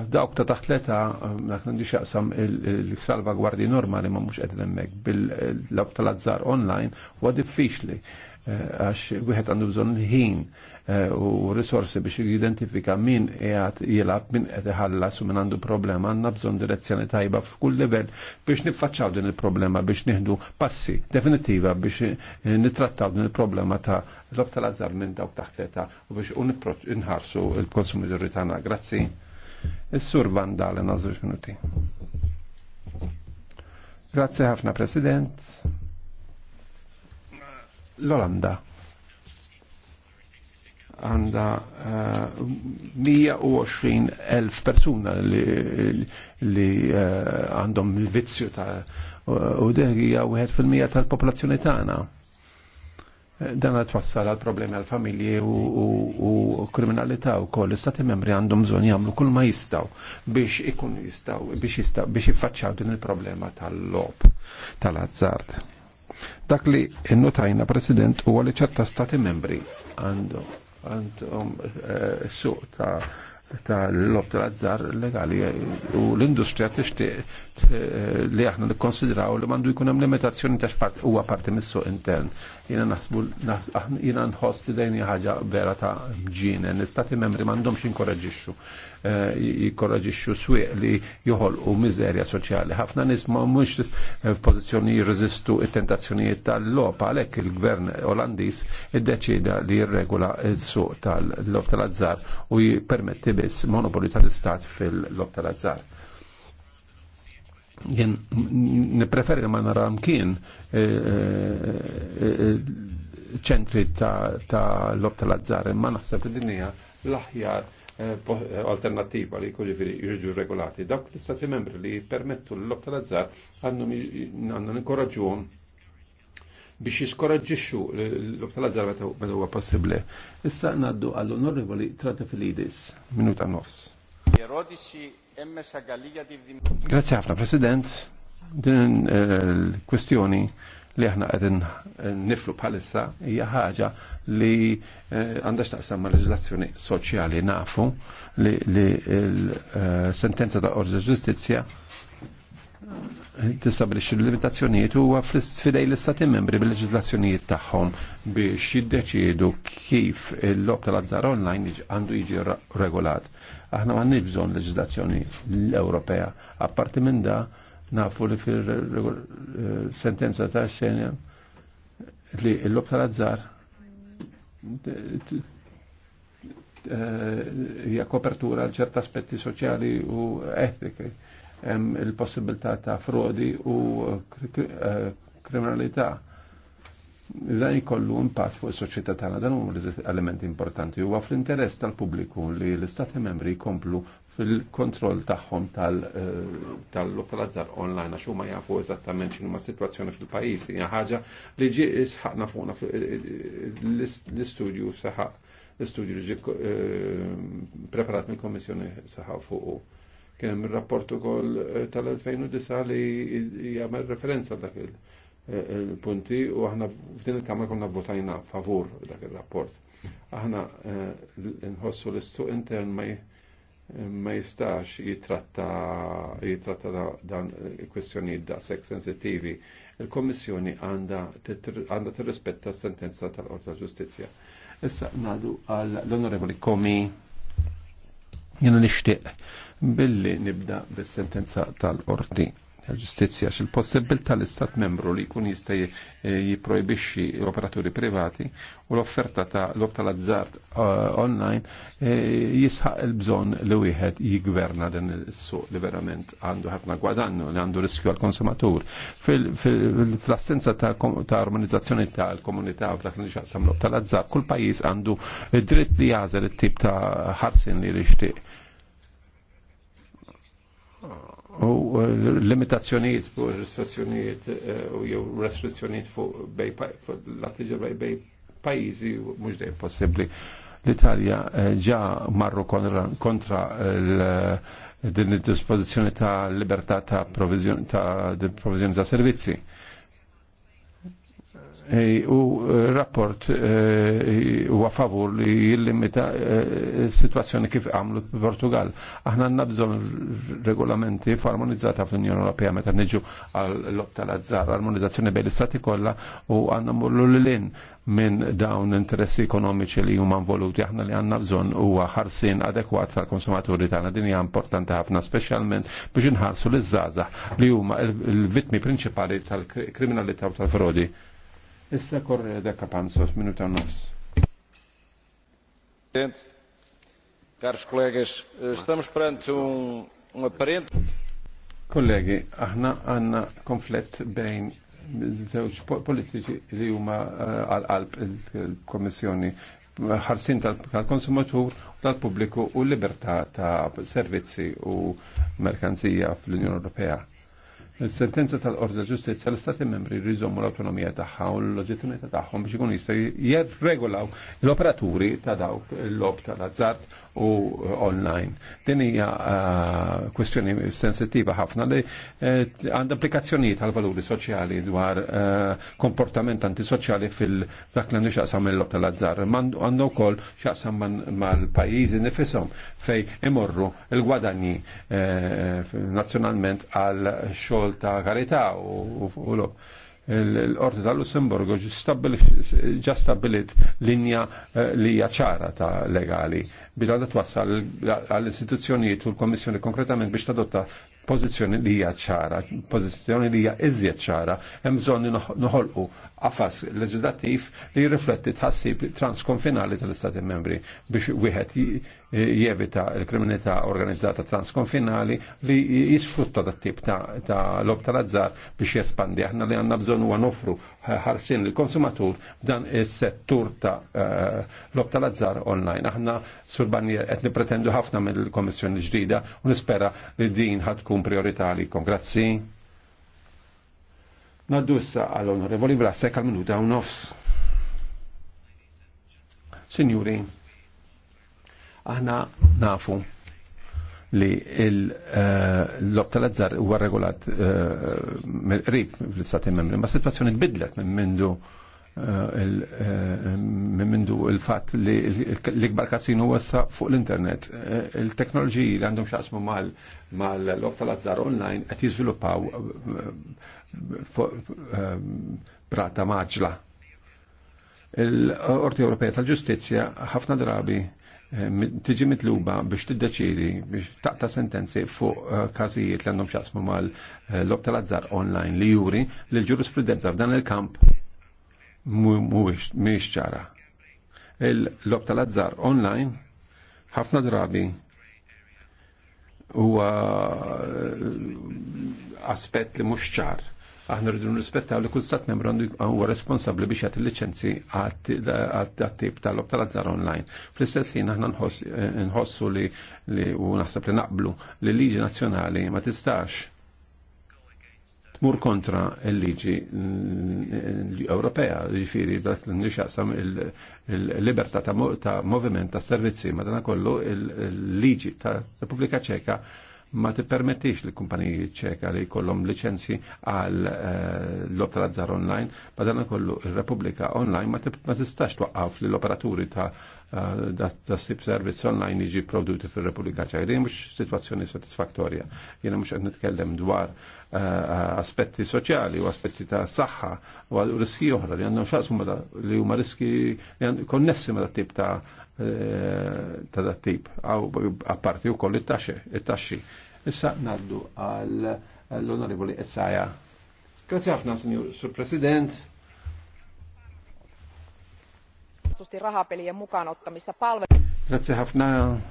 dawk ta' taħt leta, eh, dak nandi xaqsam il-salvagwardi normali ma' mux edin bil-lab eh, tal-azzar online, huwa diffiċli Eh, għax wieħed għandu bżonn ħin eh, u risorsi biex jidentifika min qiegħed jilab, min qed iħallas u min għandu problema, għandna bżonn direzzjoni tajba f'kull livell biex niffaċċaw din il-problema biex nieħdu passi definitiva biex eh, nittrattaw din il-problema ta' l-ob tal-azzar minn dawk taħtleta u biex inħarsu il-konsumituri tagħna. Grazzi. Is-sur Vandalen għażu minuti. Grazzi ħafna President l-Olanda għanda uh, eh, 120.000 persuna li eh, għandhom uh, il-vizzju ta' u degja u fil-mija tal-popolazzjoni tagħna. Eh, dan għad wassal għal problemi għal familji u kriminalità u koll. Istati membri għandhom bżon jagħmlu kull ma jistaw biex ikun jistaw biex jistaw biex jiffaċċaw din il-problema tal-lob tal-azzard. Dak li notajna, President, u li ċerta stati membri għandhom għandhom eh, suq ta' ta' l-lob l azzar legali u l-industrija tixtieq eh, li aħna nikkonsidraw li mandu jkun hemm limitazzjoni ta' xpart u għaparti mis-suq intern. Jiena naħsbu jiena nħost li dajni ħaġa vera ta' mġine, l-istati membri m'għandhomx inkoraġixxu Eh, jikkoraġixxu swieq li joħolqu miżerja soċjali. Ħafna nisma ma mhux f'pożizzjoni jirreżistu it-tentazzjonijiet tal-logħba għalhekk il-gvern Olandiż deċida li jirregula s-suq tal lop tal-azzar u jippermetti biss monopoli tal-istat fil lop tal-azzar jien nipreferi ma nara mkien eh, eh, ċentri ta' l-lob tal-azzar, imma naħseb id-dinija l-aħjar Eh, alternativa li kulli firri jirġu regolati. Dawk l-istati membri li permettu l-lob l azzar għandhom inkoraġuhom biex jiskoraġġixxu l lokta l azzar meta huwa possibbli. Issa ngħaddu għall-Onorevoli Tratefilidis, minuta nofs. Grazie ħafna, President din eh, l-kwestjoni li aħna għedin eh, niflu bħalissa hija ħaġa li eh, għandha x'taqsam ma' leġislazzjoni soċjali nafu li l-sentenza ta' Orġa Ġustizzja tistabilixxi l limitazzjonijiet huwa fidej l-istati membri bil-leġislazzjonijiet tagħhom biex jiddeċiedu kif il-lob tal-azzar online għandu jiġi regolat. Aħna ma bżonn leġislazzjoni l-Ewropea. Apparti minn da Nafu li fil-sentenza eh, eh, ta' xenja li l-lob tal-azzar eh, hija kopertura għal ċert aspetti soċjali u etiki, hemm il-possibilità ta' frodi u kriminalità dan ikollu impatt fuq is-soċjetà tagħna dan huma elementi importanti huwa fl-interess tal-pubbliku li l-istati membri jkomplu fil-kontroll tagħhom eh, tal-lokalizzar online għax huma jafu eżattament x'inhu ma' sitwazzjoni fil-pajjiż hija ħaġa li ġie sħaqna fuqna eh, l-istudju saħaq l-istudju li ġie eh, preparat mill-Kommissjoni saħaq fuqu kien hemm ir-rapport ukoll tal-2009 li jagħmel referenza dak il- il-punti u aħna f'din il-kamra konna votajna favur dak il-rapport. Aħna eh, nħossu l-istuq intern ma jistax jitratta jitratta dan il-kwestjoni da sex sensitivi. Il-Kommissjoni għanda tirrispetta s-sentenza tal-Qorta Ġustizzja. Issa nadu għal l-Onorevoli Komi jena nishtiq billi nibda bis-sentenza tal-Qorti tal-ġustizzja xil possibil tal-istat membru li jkun jista eh, jiprojbixxi operaturi privati u l-offerta ta' l tal-azzart eh, online eh, jisħaq il-bżon li wieħed jigverna dan is-suq li verament għandu ħafna gwadannu li għandu riskju għal-konsumatur. Fl-assenza ta' armonizzazzjoni tal-komunità u dak li xaqsam l tal-azzart, kull pajjiż għandu dritt li jażel it-tip ta' ħarsin li rixtieq. u uh, limitazzjoniet fuq restrizzjoniet uh, u jew restrizzjoniet fuq bej l-attiġi bej pajjiżi mhux dejjem possibbli. L-Italja uh, ġa marru kontra din id-dispożizzjoni ta' libertà ta' provizjoni ta' provizjoni ta' servizzi u eh, rapport eh, u għafavur li jillimita eh, situazzjoni kif għamlu Portugal. Aħna għanna bżon regolamenti farmonizzata fl-Unjoni Ewropea meta neġu għal-lob tal-azzar, armonizzazzjoni bej l-istati kollha u għanna mullu l-lin minn dawn interessi ekonomiċi li huma involuti aħna li għanna bżon huwa ħarsin adekwat tal-konsumaturi tagħna din hija importanti ħafna speċjalment biex inħarsu l-żgħażagħ li huma l-vittmi prinċipali tal-kriminalità u tal-frodi. tal kriminalità u tal frodi tal u tal frodi Issa korre da kapanzos minuta nofs. Presidente, caros colegas, estamos perante um, um aparente. Kollegi, aħna għanna konflett bejn żewġ politiċi li huma eh, għal-qalb il-Kommissjoni ħarsin tal-konsumatur u tal-pubbliku u l-libertà ta' servizzi u merkanzija fl-Unjoni Ewropea Il-sentenza tal-Orda Ġustizja l-Stati membri rizomu l-autonomija tagħha u l loġittimità tagħhom biex ikun jista' jirregolaw l-operaturi ta' dawk l-lob tal-azzart u online. Din hija eh, kwestjoni sensittiva ħafna li eh, għandha applikazzjonijiet għal valuri soċjali dwar eh, komportament antisoċjali fil-dak li xaqsam il-lob tal-azzar. Għandu wkoll xaqsam mal-pajjiżi nifisom fej imorru il gwadani nazzjonalment għal xogħol xogħol ta' karità u l-Orti tal-Lussemburgu ġa stabbilit linja eh, li hija ċara ta' legali biex għadha twassal għall-istituzzjonijiet u l-Kommissjoni konkretament biex tadotta pożizzjoni li hija ċara, pożizzjoni li hija iżjed ċara, hemm bżonn noħolqu għafas leġislattiv li jirrifletti tħassib transkonfinali tal-Istati membri biex wieħed jevita l-kriminalità organizzata transkonfinali li jisfrutta dat tip ta' l-ob tal-azzar biex jespandi. Aħna li għanna bżon huwa nofru ħarsin l-konsumatur dan is-settur ta' eh, l-ob tal-azzar online. Aħna sur-banjer qed nipretendu ħafna mill-Komissjoni ġdida u nispera li din ħad tkun priorità għalikom. Naddu issa għall-Onorevoli Vlasek għal-minuta u nofs. Signori, aħna nafu li eh, l-lob tal-azzar huwa regolat eh, rib fl-istati membri, ma situazzjoni tbidlet minn mindu eh, minn mindu il-fat li l-ikbar kasinu wassa fuq l-internet. Il-teknoloġiji li għandhom xaqsmu mal-lob tal-azzar online qed jiżviluppaw brata ehm, maġla. L-Orti Ewropea tal-Ġustizzja ħafna drabi eh, tiġi mitluba biex tiddeċidi biex taqta sentenzi fuq eh, każijiet li għandhom xaqsmu mal-lob eh, tal-azzar online li juri li l-ġurisprudenza f'dan il-kamp mhuwiex ċara. Il-lob tal-azzar online ħafna drabi huwa aspett li mhux ċar Aħna rridu nrispettaw li kull stat membru huwa responsabbli biex jagħti liċenzi għat-tip tal-lob tal-azzar online. Fl-istess ħin aħna nħossu li u naħseb li naqblu li liġi nazzjonali ma tistax tmur kontra l-liġi Ewropea, ġifiri, dak il-libertà ta' moviment ta' servizzi, ma dana kollu il-liġi ta' Repubblika Ċeka ma tippermettix li kumpaniji ċeka li kollom licenzi għal l opera tal online, badana kollu il-Republika online ma tistax twaqqaf li l-operaturi ta' da' eh, sib servizz online iġi produti fil-Republika ċeka. mux situazzjoni sitwazzjoni satisfaktorja. Jiena mhux qed nitkellem dwar eh, aspetti soċjali u aspetti ta' saħħa u riski oħra li għandhom xaqsmu li huma riski konnessi ma' tip ta' Eh, ta' dat tip, għaw apparti u koll it-taxxi. Issa naddu għall onorevoli Essaja. Grazie għafna, signor Sur President. rahapelien mukaan ottamista palvelu. Grazie għafna,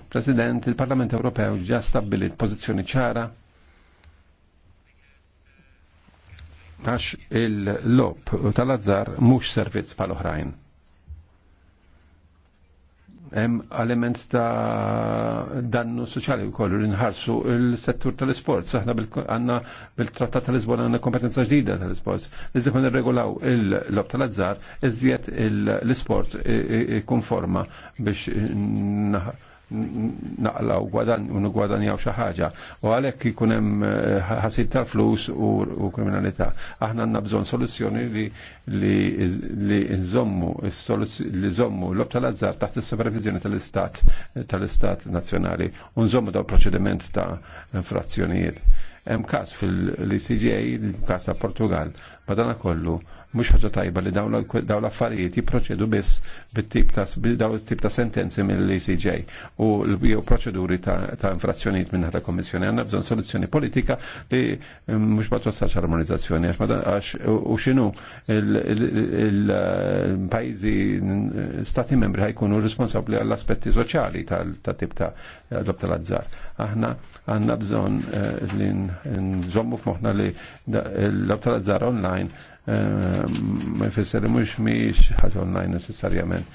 President. Il-Parlament Ewropew ġa stabbilit pozizjoni ċara għax il-lob tal-azzar mux servizz pal-oħrajn hemm element ta' dannu soċjali wkoll li nħarsu l settur tal-isports. Aħna għandna bil-Trattat tal-Lisbona għandna kompetenza ġdida tal-isports. Iżda kun irregolaw il-lob tal-azzar, iżjed l-isport ikun forma biex naqlaw u nugwadanjaw xaħġa. xi ħaġa u għalhekk ikun hemm eh, ħasib tal-flus u kriminalità. Aħna għandna bżonn soluzzjoni li li nżommu li żommu l-lob tal-azzar taħt is-supervizjoni tal-istat tal-istat nazzjonali u nżommu daw proċediment ta' infrazzjonijiet. Hemm każ fil icj każ ta' Portugal, madana kollu mhux ħaġa tajba li dawn l-affarijiet jipproċedu biss bit-tip ta' dawn tip ta' sentenzi mill-ECJ u l proċeduri ta' infrazzjonijiet minn ta' kommissjoni għandna bżonn soluzzjoni politika li mm, mhux ma twassalx armonizzazzjoni għax u x'inhu il-pajjiżi mm, stati membri ħajkunu responsabbli għall-aspetti soċjali tal-tip ta' adopt l azzar Aħna għanna bżon eh, li nżommu f-moħna li l-labta l online eh, ma jfisser mux miex ħaġa online necessarjament.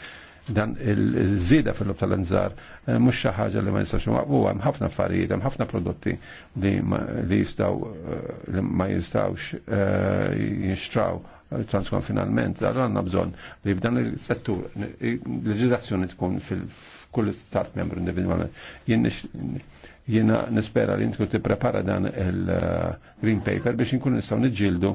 Dan il-żida fil-labta l-azzar eh, mux xaħġa li ma jistax waqbu għam ħafna affarijiet, għam ħafna prodotti li jistaw li ma jistawx transkon finalment, għal għanna bżon li b'dan il-settur, leġizazzjoni tkun fil-kull stat membru individualment. Jien Jiena nispera li ntkun tipprepara dan il-green uh, paper biex inkun nistgħu niġġieldu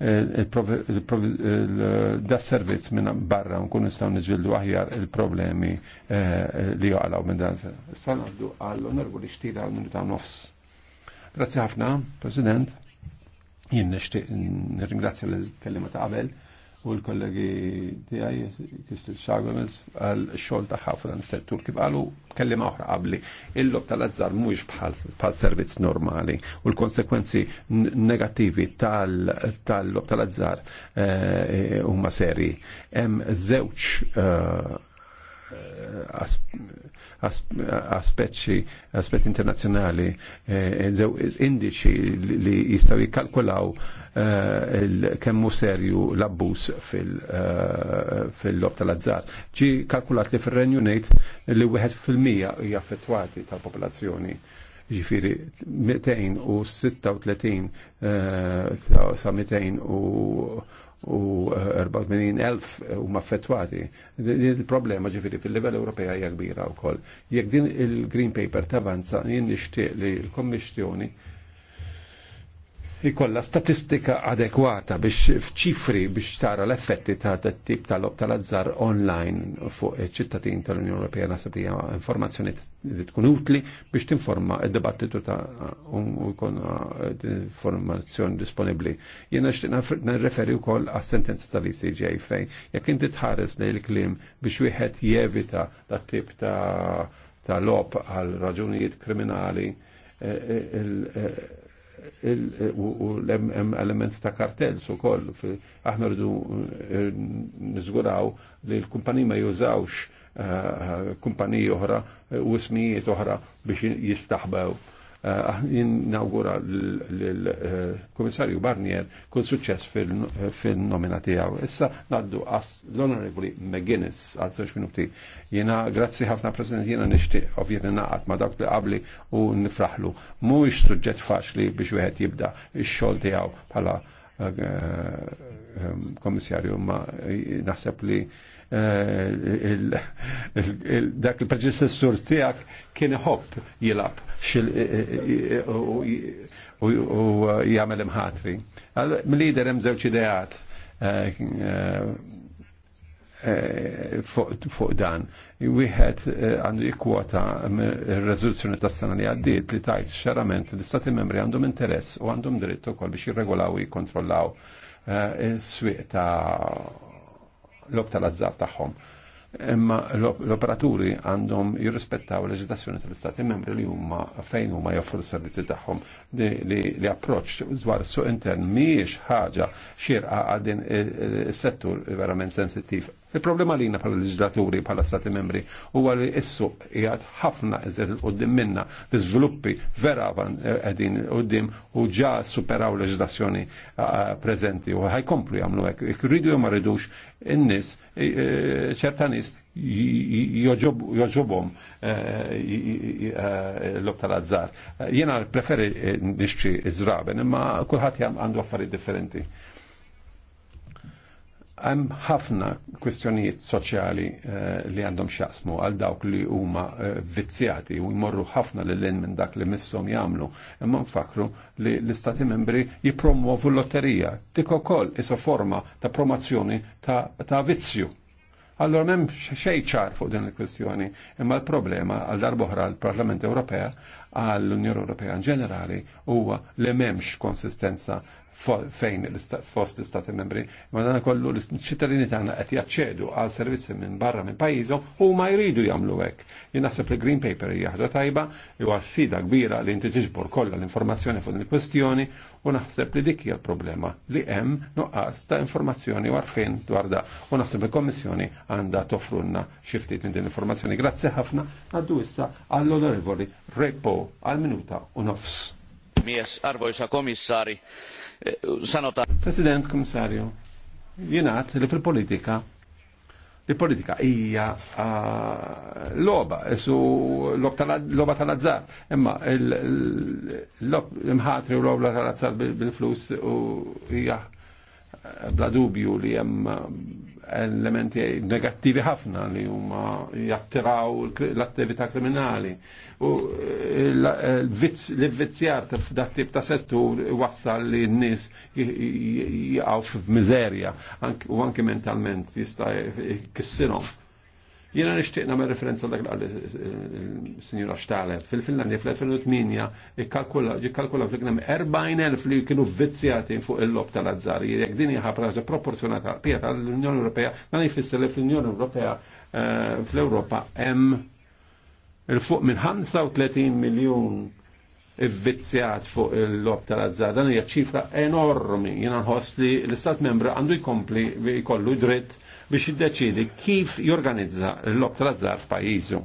eh, eh, da servizz minn barra nkun nistgħu niġildu aħjar il-problemi eh, li joqgħu minn dan. Issa ngħaddu għall li xtira għal minuta nofs. Grazzi ħafna, President. Jien nixtieq nirringrazzja lill-kellima ta' qabel u l-kollegi tijaj, Kristil Xagomez, għal-xol taħħa f'dan settur kif għalu kellima uħra għabli, Il-lob tal-azzar mux bħal servizz normali u l-konsekwenzi negativi tal-lob tal-azzar eh, huma seri. Hemm zewċ aspetti internazzjonali, eh, indiċi li jistaw jikkalkulaw eh, kemmu serju l-abbus eh, fil-lob tal-azzar. Ġi kalkulat li fil-Renju Unit li fil-mija hija affettwati tal-popolazzjoni ġifiri 236 sa 200 u u 84.000 eh, eh, huma affettwati. Din il-problema ġifiri fil-livell Ewropea hija kbira wkoll. Jekk din il-Green Paper tavanza jien nixtieq li l-Kommissjoni ikolla statistika adekwata biex fċifri biex tara l-effetti ta' tip tal tal-azzar online fuq ċittadin tal-Unjoni Ewropea nasib li informazzjoni li tkun utli biex tinforma il dibattitu ta' u uh, informazzjoni disponibbli. Jien nixtieq nirreferi wkoll għas-sentenza tal-ICJ fejn jekk inti tħares lejn il-kliem biex wieħed jevita dat-tip ta' ta' lob għal raġunijiet kriminali eh, eh, eh, u l-element ta' kartels u koll. Aħna rridu eh, nizguraw li l-kumpani ma jużawx eh, eh, kumpani oħra u smijiet oħra biex jistaħbew jinnawgura eh, l-Komissarju eh, Barnier kull suċċess fil-nomina tiegħu. Issa naddu l-Honorable McGuinness għal żewġ minuti. Jena grazzi ħafna President jiena nixtieq ovvjament naqat ma dawk li qabli u nifraħlu. Mhuwiex suġġett faċli biex wieħed jibda x-xogħol tiegħu bħala eh, komissarju ma naħseb li Eh, dak il-preġistessur tijak kien hopp jilab eh, eh, u jgħamil imħatri. Mlider lider hemm żewġ ideat fuq dan. Wieħed għandu jikkwota r-rezoluzzjoni tas-sena li għaddiet li tajt xarament li stati membri għandhom interess u għandhom dritt ukoll biex jirregolaw u jikkontrollaw s-swieq ta' l-ok tal-azzar taħħom. Imma l-operaturi għandhom jirrispettaw l-leġislazzjoni tal-Istati membri li huma fejn huma joffru s-servizzi tagħhom li approċċ dwar suq intern mhijiex ħaġa xirqa għal din is-settur eh, eh, verament sensittiv Il-problema li jina pala leġislaturi pala stati membri u għalli issu jgħad ħafna iżet il-qoddim minna l sviluppi vera eh, għedin il-qoddim u ġa superaw leġislazzjoni eh, prezenti u ħajkomplu jgħamlu għek. Ikridu jgħam rridux in eh, ċerta nis joġobom l-lob tal-azzar. Jena preferi nisċi izraben, imma kullħat jgħam għandu affari differenti. Hemm ħafna kwistjonijiet soċjali eh, li għandhom xaqsmu għal dawk li huma eh, vizzjati u jmorru ħafna lil lin minn dak li missom jagħmlu. Imma nfakru li l-istati membri jipromovu l-lotterija. Dik ukoll iso forma ta' promozzjoni ta' vizzju. Allora m'hemm xejn ċar fuq din il-kwistjoni, imma l-problema għal darboħra l-Parlament Ewropea għall-Unjoni Ewropea in ġenerali huwa li m'hemmx konsistenza fejn fost l-istati membri, ma dan kollu l-ċittadini tagħna qed jaċċedu għal servizzi minn barra minn pajjiżhom u jridu jagħmlu hekk. Jien naħseb li Green Paper hija ħaġa tajba, huwa sfida kbira li inti tiġbor kollha l-informazzjoni fuq il-kwestjoni U naħseb li dik hija l-problema li hemm nuqqas ta' informazzjoni u għarfien dwar da. U naħseb il-Kommissjoni għandha toffrunna xi ftit din informazzjoni. Grazzi ħafna għaddu issa għall-onorevoli Repo għal-minuta u nofs. Mies, arvojsa komissari, eh, sanota. President, komissarju, jenat li fil-politika Il-politika hija ah, loba, su loba tal-azzar, imma l-imħatri u loba tal-azzar bil-flus u hija eh, bla dubju li hemm elementi negattivi ħafna li huma jattiraw l-attività kriminali. U eh, eh, l-vizzjar f'dat tip ta' settur wassal li n-nis jgħaw f'mizerja u anke mentalment jista' kissinhom. Jena nishtiq namer referenza dak għal il-Sinjura eh, eh, Xtale. Fil-Finlandja fl-2008 kalkulaw fl kienem 40.000 li kienu vizzjati fuq il-lob tal-azzar. Jek din ħabra proporzjonata pieta l-Unjoni Ewropea, dan jfisser li fl-Unjoni Ewropea eh, fl-Ewropa hemm il-fuq minn 35 miljon vizzjat fuq il-lob tal-azzar. Dan hija ċifra enormi. Jena nħoss li l-Istat membra għandu jkompli jkollu dritt biex jiddeċidi kif jorganizza l-lob tal-azzar f'pajjiżu.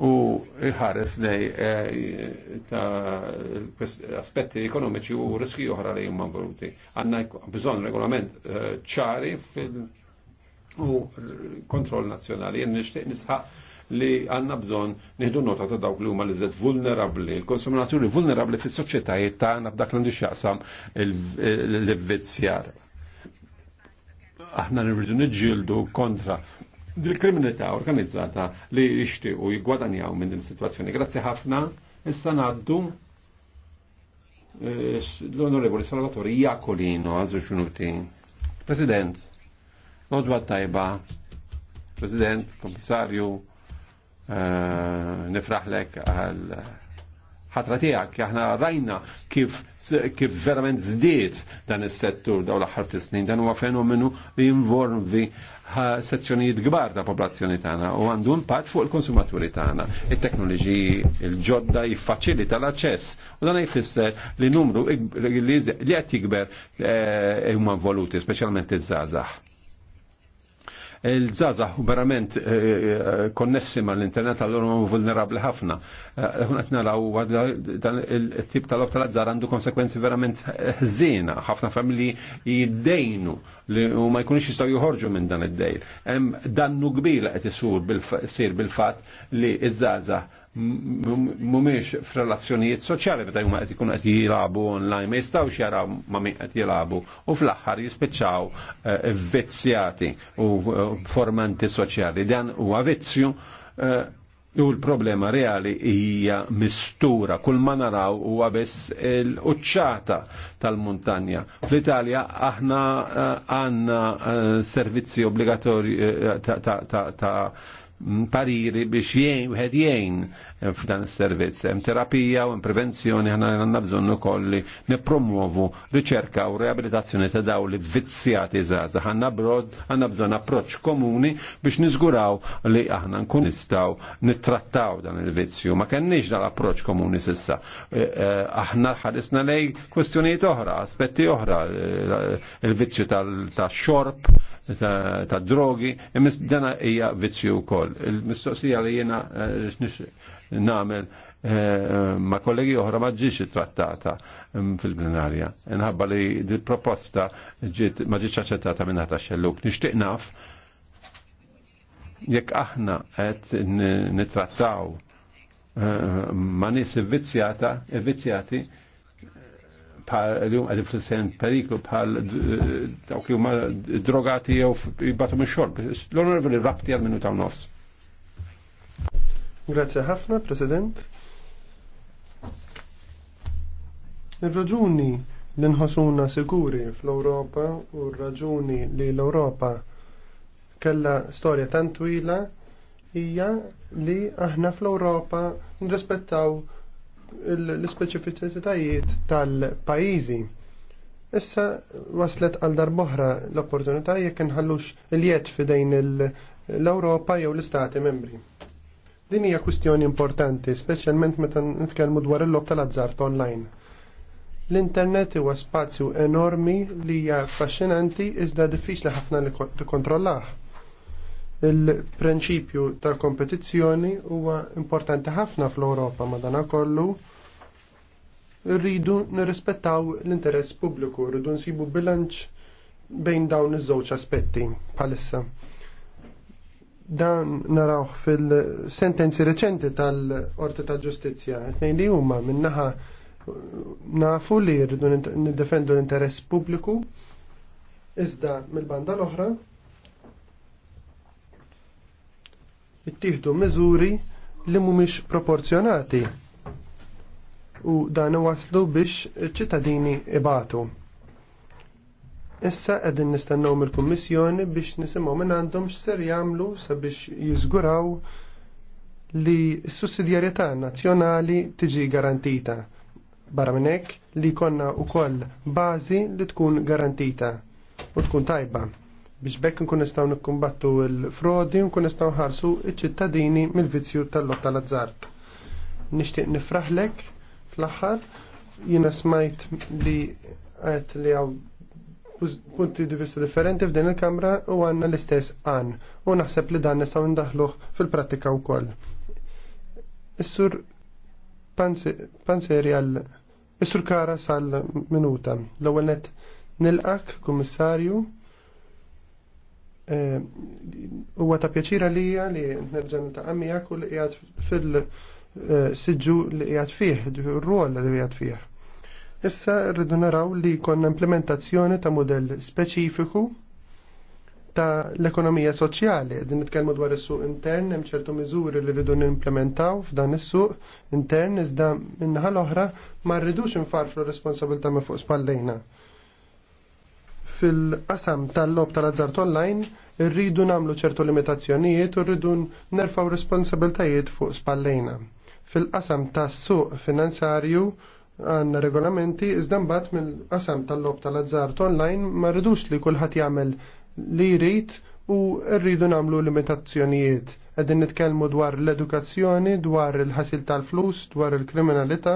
U ħares nej eh, ta' aspetti ekonomiċi u riski oħra li jumman voluti. Għanna bżon regolament eh, ċari fil- u kontroll nazjonali. Jen nishtiq nisħaq li għanna bżon nihdu nota ta' dawk li huma li zed vulnerabli, il-konsumaturi vulnerabli fis soċjetajiet ta' għanna b'dak l-għandu l-vizzjar aħna nirridu niġġieldu kontra dil-kriminalità organizzata li u jiggwadanjaw minn din situazzjoni. Grazzi ħafna, issa ngħaddu eh, l-Onorevoli Salvatore Iacolino, għazu xunuti. President, Nodwa Tajba, President, Komissarju, eh, nifraħlek għal ħatra tiegħek aħna rajna kif kif verament żdied dan is-settur dawn l-aħħar snin dan huwa fenomenu li jinvolvi sezzjonijiet kbar ta' popolazzjoni tagħna u għandu impatt fuq il-konsumaturi tagħna. It-teknoloġiji il-ġodda jiffaċilita l-aċċess u dan jfisser li numru li qed jikber eh, huma involuti, speċjalment iż-żgħażagħ il-żaza verament eh, eh, konnessi mal internet għallur ma vulnerabli ħafna. Kun eh, naraw il-tip tal-lob tal-azzar għandu konsekwenzi verament ħżiena, ħafna familji jiddejnu li u ma jkunux jistgħu joħorġu minn dan id-dejl. dannu kbira qed isur bil-fatt li iż-żaza mumiex f'relazzjonijiet soċjali meta huma qed ikun qed jilagħbu online, ma jistgħux jaraw ma' min qed jilagħbu u fl-aħħar jispiċċaw eh, vizzjati u eh, formanti soċjali. Dan huwa vizzju eh, U l-problema reali hija mistura, kull ma naraw huwa biss l-uċċata tal muntanja Fl-Italja aħna għandna servizzi obbligatorji ta', ta, ta, ta pariri biex jgħin, ħed jgħin f'dan is-servizz. Hemm terapija u prevenzjoni ħana għandna bżonn ukoll li riċerka u reabilitazzjoni ta' daw li vizzjati żgħażagħ. Għandna brod għandna bżonn approċċ komuni biex niżguraw li aħna nkun nistgħu nittrattaw dan il-vizzju. Ma kenniex dan approċċ komuni s'issa. E, e, aħna ħarisna lej kwestjonijiet oħra, aspetti oħra, il-vizzju tal-xorb, ta' drogi, imis dana hija vizzju wkoll. Il-mistoqsija li jiena eh, nagħmel eh, ma kollegi oħra ma ġiġ trattata mm, fil-plenarja. Nħabba li dil-proposta ma ġiġ aċċettata minna ta' xelluk. Nixtieq naf jekk aħna qed nitrattaw eh, ma nies vizzjata, vizzjati li huma qegħdin fl-sen periklu bħal dawk li huma drogati jew jibatu minn xorb L-onorevoli rabti għal minuta u nofs. Grazie ħafna, President. Il-raġuni li nħosuna sikuri fl-Europa u r-raġuni li l-Europa kella storja tan twila hija li aħna fl-Europa nrispettaw l-ispeċifiċitajiet tal-pajizi. Issa waslet għal darboħra l-opportunità jekk inħallux il-jiet fidejn l-Ewropa jew l-Istati membri. Din hija kwistjoni importanti, speċjalment meta nitkellmu dwar il-lob tal-azzart online. L-internet huwa spazju enormi li hija affaxxinanti iżda diffiċli ħafna li kontrollah. Il-prinċipju ta' kompetizzjoni huwa importanti ħafna fl-Ewropa madanakollu rridu nirrispettaw l-interess pubbliku, rridu nsibu bilanċ bejn dawn iż-żewġ aspetti bħalissa. Dan naraw fil-sentenzi reċenti tal-Qorti tal-Ġustizzja, tnejn li huma minnaħa nafu li rridu niddefendu l-interess pubbliku iżda mill-banda l-oħra ittieħdu miżuri li mhumiex proporzjonati u dan waslu biex ċittadini ibatu. Issa qegħdin nistennew mill-Kummissjoni biex nisimgħu minn għandhom x'ser jagħmlu sabiex jiżguraw li s-sussidjarjetà nazzjonali tiġi garantita. Barra minn hekk li jkollna wkoll bażi li tkun garantita u tkun tajba biex bekk nkun nistgħu nikkumbattu l-frodi u nkun nistgħu ħarsu iċ-ċittadini mill-vizzju tal lotta tal azzard Nixtieq nifraħlek fl-aħħar jiena smajt li qed li hawn punti di vista differenti f'din il-kamra u għanna l-istess għan. U naħseb li dan nistaw ndaħluħ fil-prattika u koll. Is-sur panzeri għal. Is-sur kara sal-minuta. L-ewwel nilqak, kummissarju, Eh, huwa ta' pjaċira li hija li nerġa' ta' miegħek u li qiegħed fil-siġġu li qiegħed fih, r-rol li qiegħed fih. Issa rridu naraw li konna implementazzjoni ta' modell speċifiku ta' l-ekonomija soċjali. Din nitkellmu dwar is-suq intern, hemm ċertu miżuri li rridu nimplementaw f'dan is-suq intern iżda minnaħa l-oħra ma rridux infarflu responsabilta' ma' fuq spallejna fil-qasam tal-lob tal-azzart online rridu namlu ċertu limitazzjonijiet u rridu nerfaw responsabiltajiet fuq spallejna. Fil-qasam tas-suq finanzarju għanna regolamenti iżda mbagħad mill-qasam tal-lob tal-azzart online ma rridux li kulħadd jagħmel li jrid u rridu namlu limitazzjonijiet. Qegħdin nitkellmu dwar l-edukazzjoni, dwar il-ħasil tal-flus, dwar il-kriminalità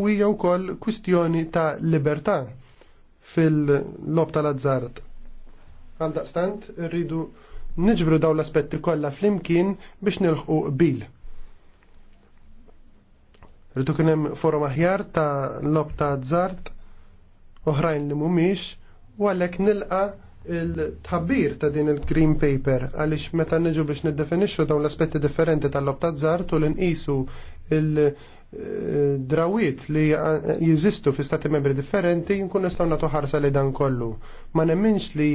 u hija wkoll kwistjoni ta' libertà fil-lob tal-azzart. Għaldaqstant, rridu niġbru daw l-aspetti kollha flimkien biex nilħqu qbil. Rridu kien hemm forum aħjar ta' lob ta' azzart oħrajn li mhumiex u għalhekk nilqa' il-tabbir ta' din il-green paper għalix meta nġu biex niddefinixxu dawn l-aspetti differenti tal-lob ta' żart u l-inqisu drawiet li jizistu fi stati membri differenti jinkun nistaw natu ħarsa li dan kollu. Ma nemminx li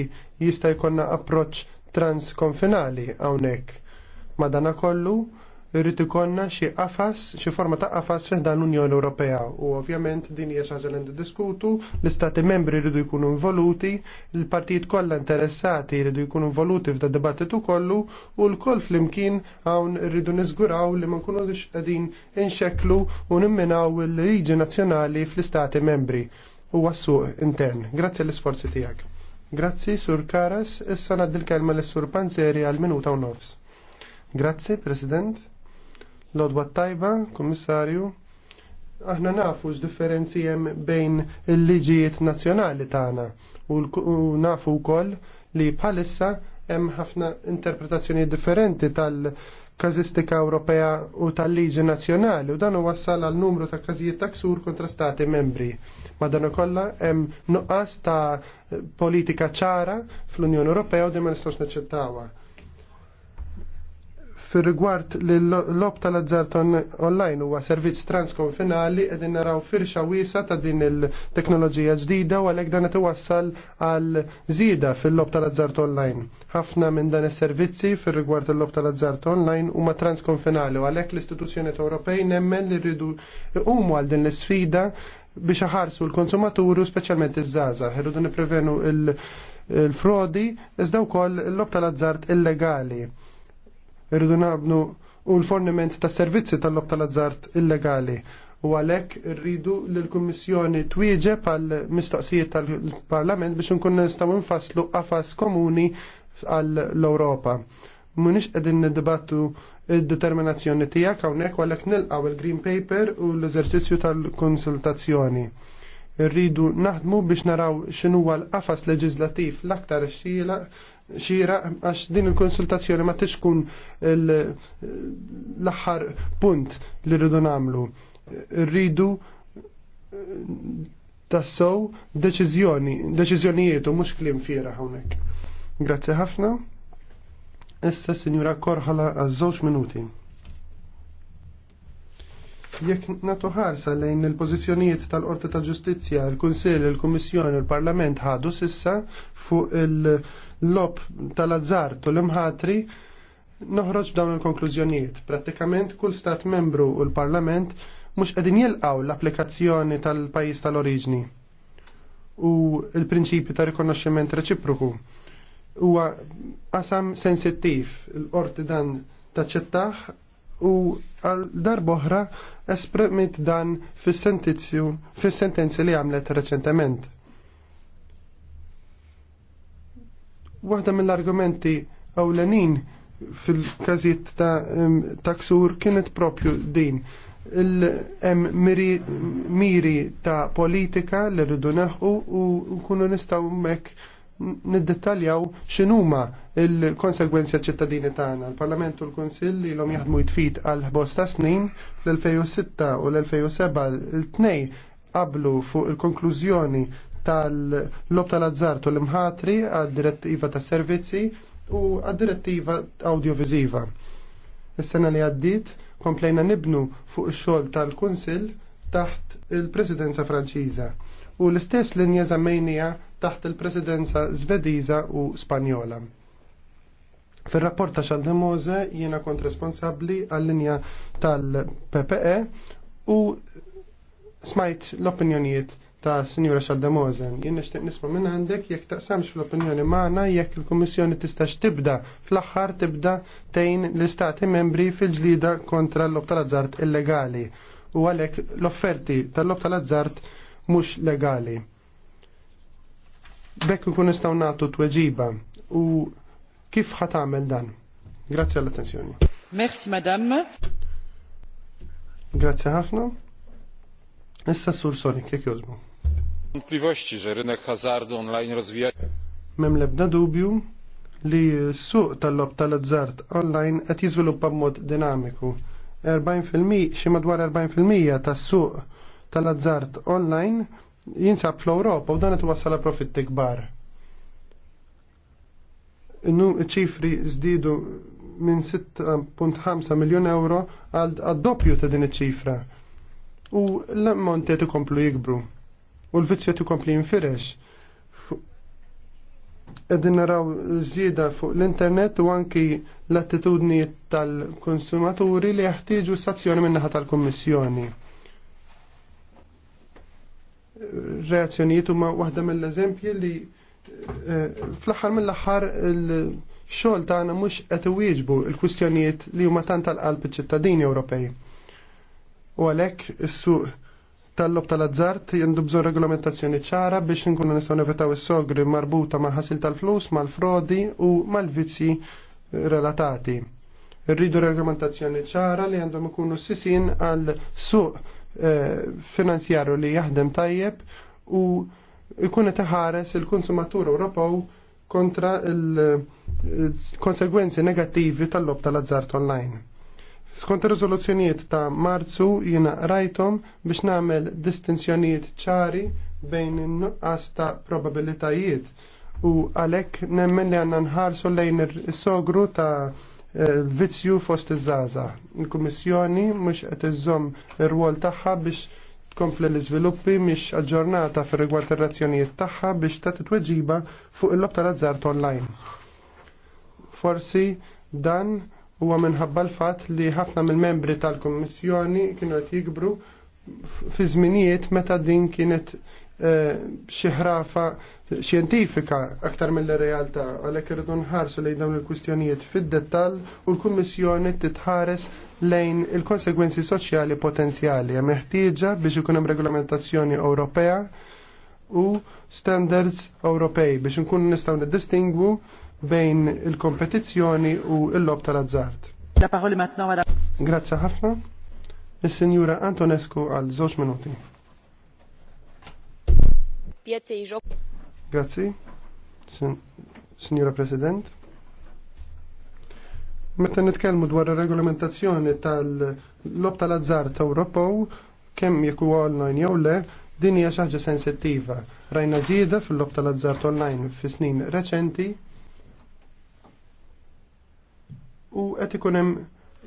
jista' jkollna approċċ transkonfinali hawnhekk. Madana kollu irrid ikollna xi qafas, xi forma ta' qafas fih dan l-Unjoni Ewropea u ovvjament din hija xi li diskutu, l-istati membri jridu jkunu involuti, il-partijiet kollha interessati jridu jkunu involuti f'da dibattitu kollu u l-koll flimkien hawn irridu niżguraw li ma nkunux qegħdin inxeklu u nimminaw il-liġi nazzjonali fl-istati membri u għas-suq intern. Grazzi l-isforzi tiegħek. Grazzi, Sur Karas, issa naddil kelma l-Sur Panzeri għal minuta u nofs. Grazzi, President. Lodwa tajba, komissarju, aħna nafu x-differenzi jem bejn il-liġijiet nazjonali tagħna u nafu wkoll li bħalissa hemm ħafna interpretazzjoni differenti tal-kazistika Ewropea u tal-liġi nazzjonali u dan wassal għal numru ta' każijiet ta' ksur kontra stati membri. Madan ukollha hemm nuqqas ta' politika ċara fl-Unjoni Ewropea u din ma nistgħux naċċettawha. Fir rigward li l-lob tal-azzart online huwa servizz transkonfinali qegħdin naraw firxa wiesa ta' din il-teknoloġija ġdida u għalhekk dan qed iwassal għal zida fil-lob tal-azzart online. Ħafna minn dan is-servizzi fir rigward il-lob tal-azzart online huma transkonfinali u għalhekk l-istituzzjonijiet Ewropej nemmen li rridu umu għal din l-isfida biex ħarsu l-konsumaturu speċjalment iż-żgħażagħ. Irridu nipprevenu il-frodi iżda wkoll l-lob tal-azzart illegali Irridu nabnu u l-forniment ta' servizzi tal-lob tal-azzart illegali u għalek rridu l-Kummissjoni twieġe għal mistoqsijiet tal-Parlament biex nkun nistaw nfasslu qafas komuni għall europa ewropa Mhunix qegħdin niddibattu id-determinazzjoni tiegħek hawnhekk għalhekk nilqgħu il-Green Paper u l-eżerċizzju tal-konsultazzjoni. Rridu naħdmu biex naraw x'inhuwa l-qafas leġislattiv l-aktar xxiela xira għax din il-konsultazzjoni ma tixkun l axar punt li rridu namlu. Rridu eh, tassow deċizjoni, deċizjonijiet u mux klim fiera hawnhekk. Grazzi ħafna. Issa Sinjura Korħala għal żewġ minuti. Jekk natu ħarsa lejn il-pożizzjonijiet tal-Qorti tal-Ġustizzja, il-Kunsill, il-Kummissjoni, il-Parlament ħadu sissa fuq il- lob tal azzar u l-imħatri noħroġ dawn il-konklużjonijiet. Pratikament kull stat membru u l-parlament mhux qegħdin jilqgħu l-applikazzjoni tal-pajjiż tal-oriġni u l-prinċipju ta' rikonoxximent reċiproku. Huwa qasam sensittiv l-qorti dan taċċettaħ u għal darboħra espremit dan fis-sentenzi li għamlet reċentement. Waħda mill-argumenti ewlenin fil-każijiet ta' taksur kienet propju din. Il-em miri ta' politika li rridu nelħu u nkunu nistgħu hemmhekk niddettaljaw x'inhuma il-konsegwenzja ċittadini tagħna. Il-Parlament u l-Kunsill ilhom jaħdmu jitfit għal ta' snin fl-2006 u l-2007 il-tnej qablu fuq il-konklużjoni tal-lob tal-azzartu l-imħatri għad-direttiva tas servizzi u għad-direttiva audiovisiva. Is-sena li għaddit komplejna nibnu fuq ix-xogħol tal-Kunsill taħt il-Presidenza Franċiża u l-istess linja zamejnija taħt il-Presidenza Svediża u Spanjola. Fil-rapport ta' Xaldemose jiena kont responsabli għall-linja tal-PPE u smajt l-opinjonijiet ta' Sinjura Xaldemozen. Jien nixtieq nisma' minn għandek jekk taqsamx fl-opinjoni magħna jekk il-Kummissjoni tistax tibda fl-aħħar tibda tejn l-Istati membri fil-ġlida kontra l-lob tal-azzart illegali u għalhekk l-offerti tal-lob tal-azzart mhux legali. Bekk nkun nistgħu nagħtu tweġiba u kif ħatamel dan? Grazzi għall-attenzjoni. Merci, madame. Grazie ħafna. Issa sur Sonic, jek jużmu wątpliwości, że rynek hazardu online rozwija. się. Mem lebda dubju li su tal-lob tal-azzard online qed jiżviluppa b'mod dinamiku. 40% xi madwar 40% tas-suq tal-azzard online jinsab fl europa u dan qed wassal profitti kbar. Num ċifri zdidu minn 6.5 miljon euro għal doppju ta' din ċifra U l ammonti qed ikomplu jikbru u l-vizzju kompli jinfirex. Edin naraw zjida fuq l-internet u anki l-attitudni tal-konsumaturi li jaħtieġu stazzjoni minnaħat tal-Kommissjoni. Reazzjonijiet huma waħda mill-eżempji li eh, fl-aħħar mill-aħħar xogħol tagħna mhux qed iwieġbu l-kwistjonijiet li huma tant tal-qalb iċ-ċittadini Ewropej. U għalhekk is-suq tal-lob tal-azzart jendu bżon regolamentazzjoni ċara biex nkunu nistaw nefetaw is-sogri marbuta mal-ħasil tal-flus, mal-frodi u mal-vizzi eh, relatati. Rridu regolamentazzjoni ċara li għandhom ikunu sisin għal suq eh, finanzjaru li jaħdem tajjeb u ikun teħares il-konsumatur Ewropew kontra il-konsegwenzi eh, negattivi tal-lob tal-azzart online Skont ir-riżoluzzjonijiet ta' Marzu jiena rajtom biex nagħmel distinzjonijiet ċari bejn in-nuqqas ta' probabilitajiet u għalhekk nemmen li għandna nħarsu lejn is-sogru ta' eh, vizzju fost iż-żaża. Il-Kummissjoni mhux qed iżżomm ir-rwol tagħha biex tkompli l-iżviluppi mhix aġġornata fir rigward ir-razzjonijiet tagħha biex ta' titweġiba fuq il-lob tal-azzart online. Forsi dan huwa minħabba l-fatt li ħafna mill-membri tal-Kummissjoni kienu qed jikbru fi żminijiet meta din kienet eh, xi ħrafa xjentifika aktar mill-realtà għalhekk irridu nħarsu lejn dawn il-kwistjonijiet fid-dettall u l-Kummissjoni titħares lejn il-konsegwenzi soċjali potenzjali hemm meħtieġa biex ikun hemm regolamentazzjoni Ewropea u standards Ewropej biex inkunu nistgħu niddistingwu bejn il-kompetizzjoni u l-lob tal-azzart. La paroli matna għada. Grazzi ħafna. Il-Sinjura Antonescu għal żewġ minuti. Piezzi ġob. Grazzi. Signora President. Meta nitkellmu dwar ir-regolamentazzjoni tal-lob tal-azzart Ewropew, kemm jekk huwa online jew le, din hija xi ħaġa sensittiva. Rajna żieda fil-lob tal-azzart online fi snin reċenti u qed ikun hemm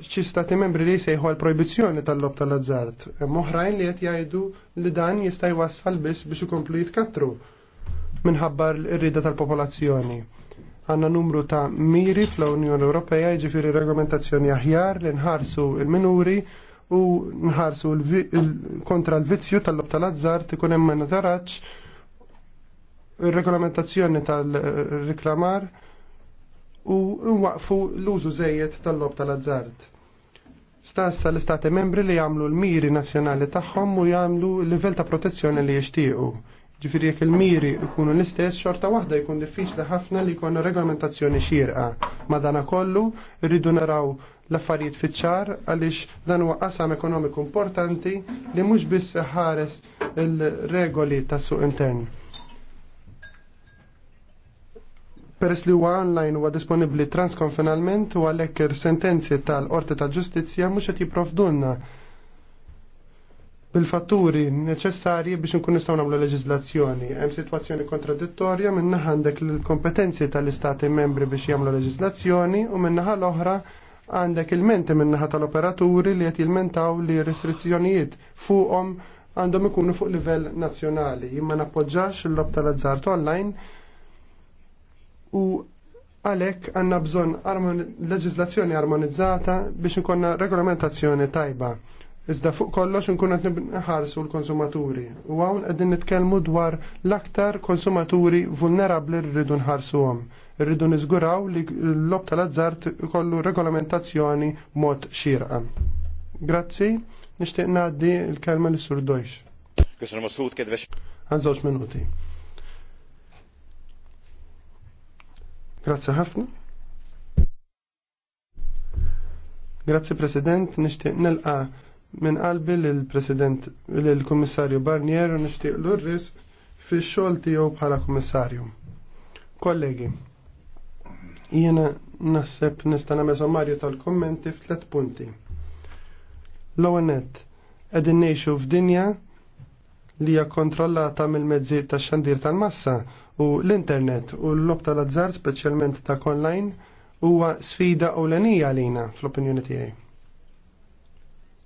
xi stati membri li jsejħu għal projbizzjoni tal-lob tal-azzart. Hemm oħrajn li qed jgħidu li dan jista' jwassal biss biex ikomplu jitkattru minħabba l-irrida tal-popolazzjoni. Għanna numru ta' miri fl-Unjoni Ewropea jiġifieri regolamentazzjoni aħjar li nħarsu l-minuri u nħarsu kontra l-vizzju tal-lob tal-azzart ikun hemm ma il-regolamentazzjoni tal-riklamar u nwaqfu l-użu żejjed tal-lob tal-azzart. Stassa l-istati membri li jagħmlu l-miri nazzjonali tagħhom u jagħmlu l-livell ta' protezzjoni li jixtiequ. Ġifieri jekk il-miri jkunu l-istess xorta waħda jkun diffiċli ħafna li jkollna regolamentazzjoni xierqa. Madanakollu kollu rridu naraw l-affarijiet fiċ-ċar għaliex dan huwa qasam ekonomiku importanti li mhux biss ħares il-regoli tas-suq intern. Peress li huwa online huwa disponibbli transkonfinalment u għalhekk ir-sentenzi tal-Qorti ta' Ġustizzja mhux qed jipprovdulna bil-fatturi neċessarji biex nkun nistgħu nagħmlu leġiżlazzjoni. Hemm sitwazzjoni kontradittorja minn naħa għandek il-kompetenzi tal-istati membri biex jagħmlu leġiżlazzjoni u minn naħa l-oħra għandek il-menti minn naħa tal-operaturi li qed jilmentaw li restrizzjonijiet fuqhom għandhom ikunu fuq livell nazzjonali. Jimma nappoġġax il-lob tal-azzart online u għalek għanna bżon armon leġizlazzjoni armonizzata biex nkonna regolamentazzjoni tajba. Iżda fuq kollox nkun qed nħarsu l-konsumaturi. U hawn qegħdin nitkellmu dwar l-aktar konsumaturi vulnerabbli rridu nħarsuhom. Rridu niżguraw li l-lob tal-azzart kollu regolamentazzjoni mod xirqa. Grazzi, nixtieq ngħaddi l-kelma l-Sur Dojx. Għanżewġ minuti. Grazzi ħafna. Grazzi President, nishtiq nilqa minn qalbi l-President l-Kummissarju Barnier u nishtiq l-urris fi xogħol tiegħu bħala Kummissarju. Kollegi, jiena naħseb nista' nagħmel sommarju tal-kummenti f'tlet punti. L-ewwel nett qegħdin ngħixu f'dinja li hija kontrollata mill-mezzi tax-xandir tal-massa U l-internet u l-lob tal-azzar, speċjalment ta' online, huwa sfida l-enija għalina fl-opinjoni tiegħi.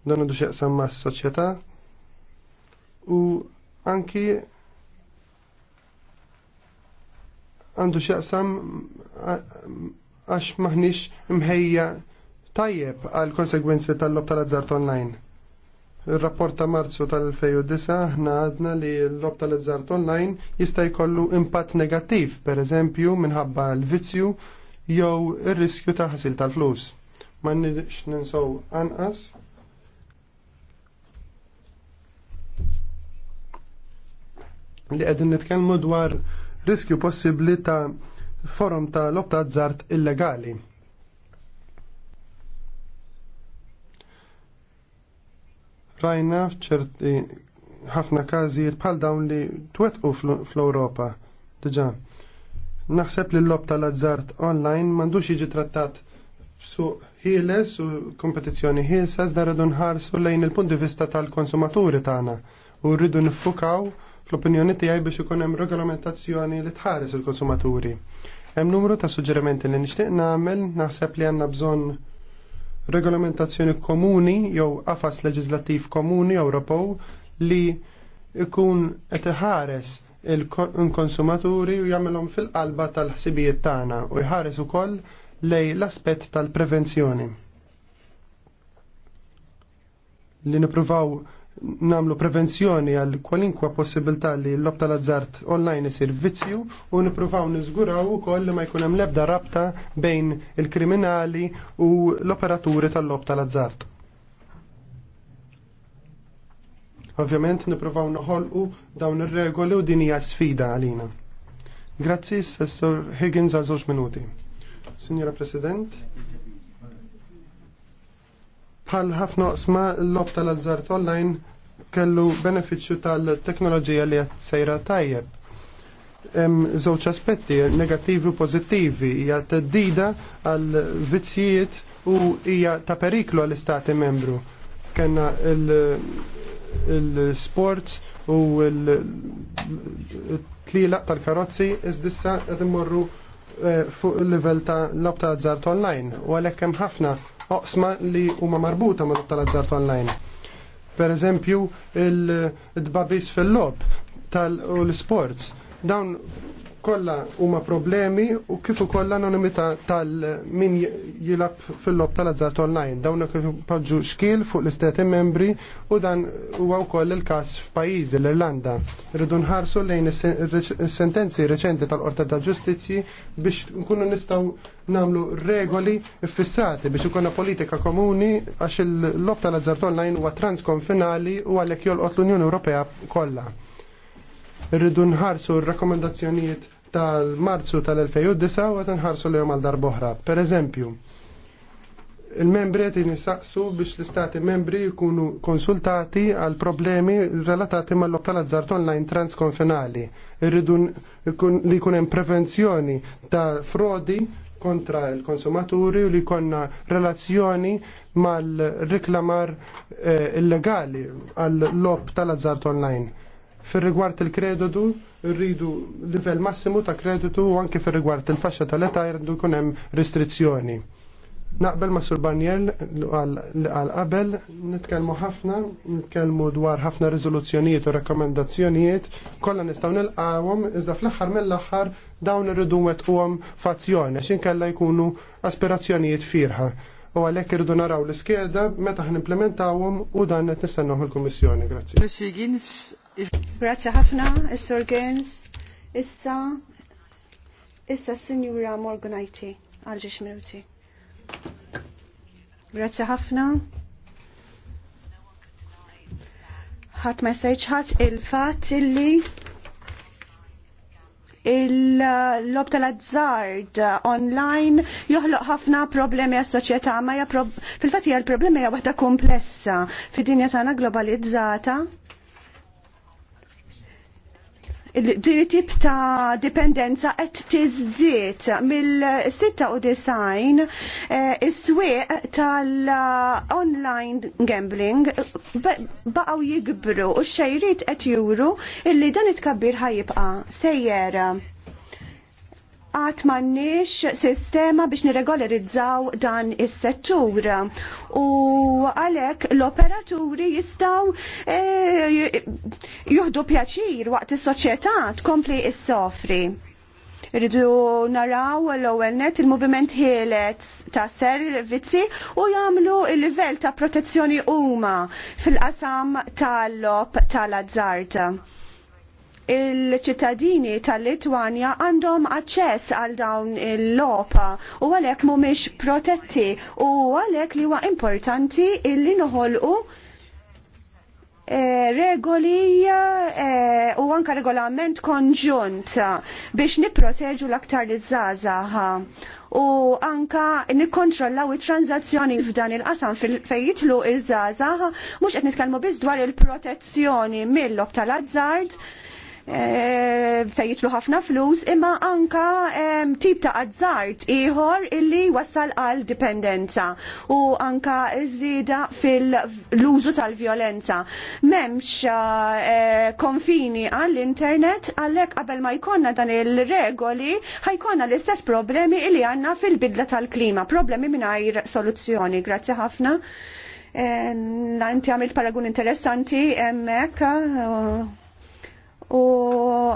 Dan għandu x'jaqsam mas-soċjetà u anki għandu xaqsam għax maħnix mħejja tajjeb għal konsegwenzi tal-lob tal-azzart online. Il-rapport ta' marzu tal-2009 ħna għadna li l-lob tal-azzart online jista' jkollu impatt negattiv, per eżempju minħabba l-vizzju jew ir-riskju ta' ħasil tal-flus. Ma nidx ninsow anqas li qegħdin nitkellmu dwar riskju possibbli ta' forum ta' lob ta' azzart illegali. Rajna f'ċerti ħafna każijiet bħal dawn li twettqu fl-Ewropa. Diġà. Naħseb li l-lob tal-azzart online m'għandux jiġi trattat su ħieles u kompetizzjoni ħielsa iżda rridu nħarsu lejn il-punt di vista tal-konsumaturi tagħna u rridu nifukaw fl-opinjoni tiegħi biex ikun hemm regolamentazzjoni li tħares il-konsumaturi. Hemm numru ta' suġġerimenti li nixtieq nagħmel, naħseb li għandna bżonn regolamentazzjoni komuni jew afas leġislattiv komuni Ewropew li ikun qed iħares il-konsumaturi u jagħmelhom fil-qalba tal-ħsibijiet tagħna u jħares ukoll lej l-aspett tal-prevenzjoni. Li nippruvaw namlu prevenzjoni għal kwalinkwa possibilità li l-lob tal-azzart online jisir vizzju u nipruvaw nizguraw u koll li ma jkun hemm lebda rabta bejn il-kriminali u l-operaturi tal-lob tal-azzart. Ovvjament nipruvaw noħolqu dawn ir-regoli u din hija sfida għalina. Grazzi, Sessor Higgins, għal żewġ minuti. Signora President, Bħal ħafna sma l-lob tal-azzart online kellu beneficju tal-teknoloġija li qed sejra tajjeb. Hemm żewġ aspetti negattivi u pożittivi hija teddida għal vizzijiet u hija ta' periklu għall istati membru. Kenna il-sports u l tlila tal-karozzi iżdissa għad immorru eh, fuq il-livell ta' lob tal-azzart online u għalhekk hemm ħafna oqsma li huma marbuta ma' tal-azzart online. Per eżempju, il-dbabis fil-lob tal-sports. Dawn Kolla huma problemi u kif ukoll anonimità tal-min jilab fil-lob tal-azzart online. Dawn paġġu xkil fuq l-istati membri u dan huwa wkoll il-każ f'pajjiżi l-Irlanda. Rridu nħarsu lejn is-sentenzi reċenti tal-Qorta ta' Ġustizzji biex nkunu nistgħu nagħmlu regoli fissati biex ukonna politika komuni għax il-lob tal-azzart online huwa transkonfinali u għalhekk jolqot l-Unjoni Ewropea kollha irridu nħarsu r-rakkomandazzjonijiet tal-Marzu tal-2009 u għat nħarsu l-jom għal darboħra. Per eżempju, il-membri għet nisaqsu biex l-istati membri jkunu konsultati għal problemi relatati mal lokta tal-azzart online transkonfinali. Irridu li kunem prevenzjoni ta' frodi kontra il-konsumaturi u li konna relazzjoni mal-riklamar eh, illegali għal lob tal-azzart online fil rigward il-kreditu, rridu livell massimu ta' kreditu u anke fil rigward il fasċa tal-età jridu jkun hemm restrizzjoni. Naqbel ma' Sur Barnier għal qabel nitkellmu ħafna, nitkellmu dwar ħafna riżoluzzjonijiet u rakkomandazzjonijiet, kollha nistgħu nilqawhom iżda fl-aħħar mill-aħħar dawn irridu wetquhom f'azzjoni x'in inkella jkunu aspirazzjonijiet firħa. U għalhekk irridu naraw l-iskeda meta ħnimplementawhom u dan qed nistennuh il-Kummissjoni. Grazzi. Monsieur Gins, Grazie ħafna, Sir Gens. Issa, issa Signora Morganajti, għalġiex minuti. Grazie ħafna. ħat ma jsajċ il-fat illi il-lob tal-azzard online joħloq ħafna problemi għas soċjetà ma fil-fatt hija l-problemi hija waħda komplessa fid-dinja tagħna globalizzata din tip ta' dipendenza qed tizdiet mill-96 eh, is-swieq tal-online gambling baqgħu jikbru u x-xejrit qed juru illi dan it-tkabbir ħajibqa' sejjer għat mannix sistema biex niregolarizzaw dan is settur u għalek l-operaturi jistaw e, juhdu pjaċir waqt is soċjetà tkompli is-sofri. Rridu naraw l-ewwel net il-moviment ħielet ta' servizzi u jagħmlu il-livell ta' protezzjoni huma fil-qasam tal-lob tal-azzarta il-ċittadini tal-Litwanja għandhom aċċess għal dawn il-lopa u għalek mumiex protetti u għalek li huwa importanti illi noħolqu E, regoli e, u anka regolament konġunt biex niproteġu l-aktar li zazaha u anka nikkontrollaw it-tranzazzjoni f'dan il-qasam fej jitlu iż-żazaha mhux qed nitkellmu biss dwar il-protezzjoni mill-lok tal-azzard E, fejn ħafna flus imma anka e, tip ta' azzart ieħor illi wassal għal dipendenza u anka żieda fil-użu tal-vjolenza. M'hemmx e, konfini għall-internet għalhekk qabel ma jkollna dan il-regoli ħajkonna l-istess problemi illi għandna fil-bidla tal-klima, problemi mingħajr soluzzjoni. Grazzi ħafna. Nanti għamil paragun interessanti emmek. Uh, U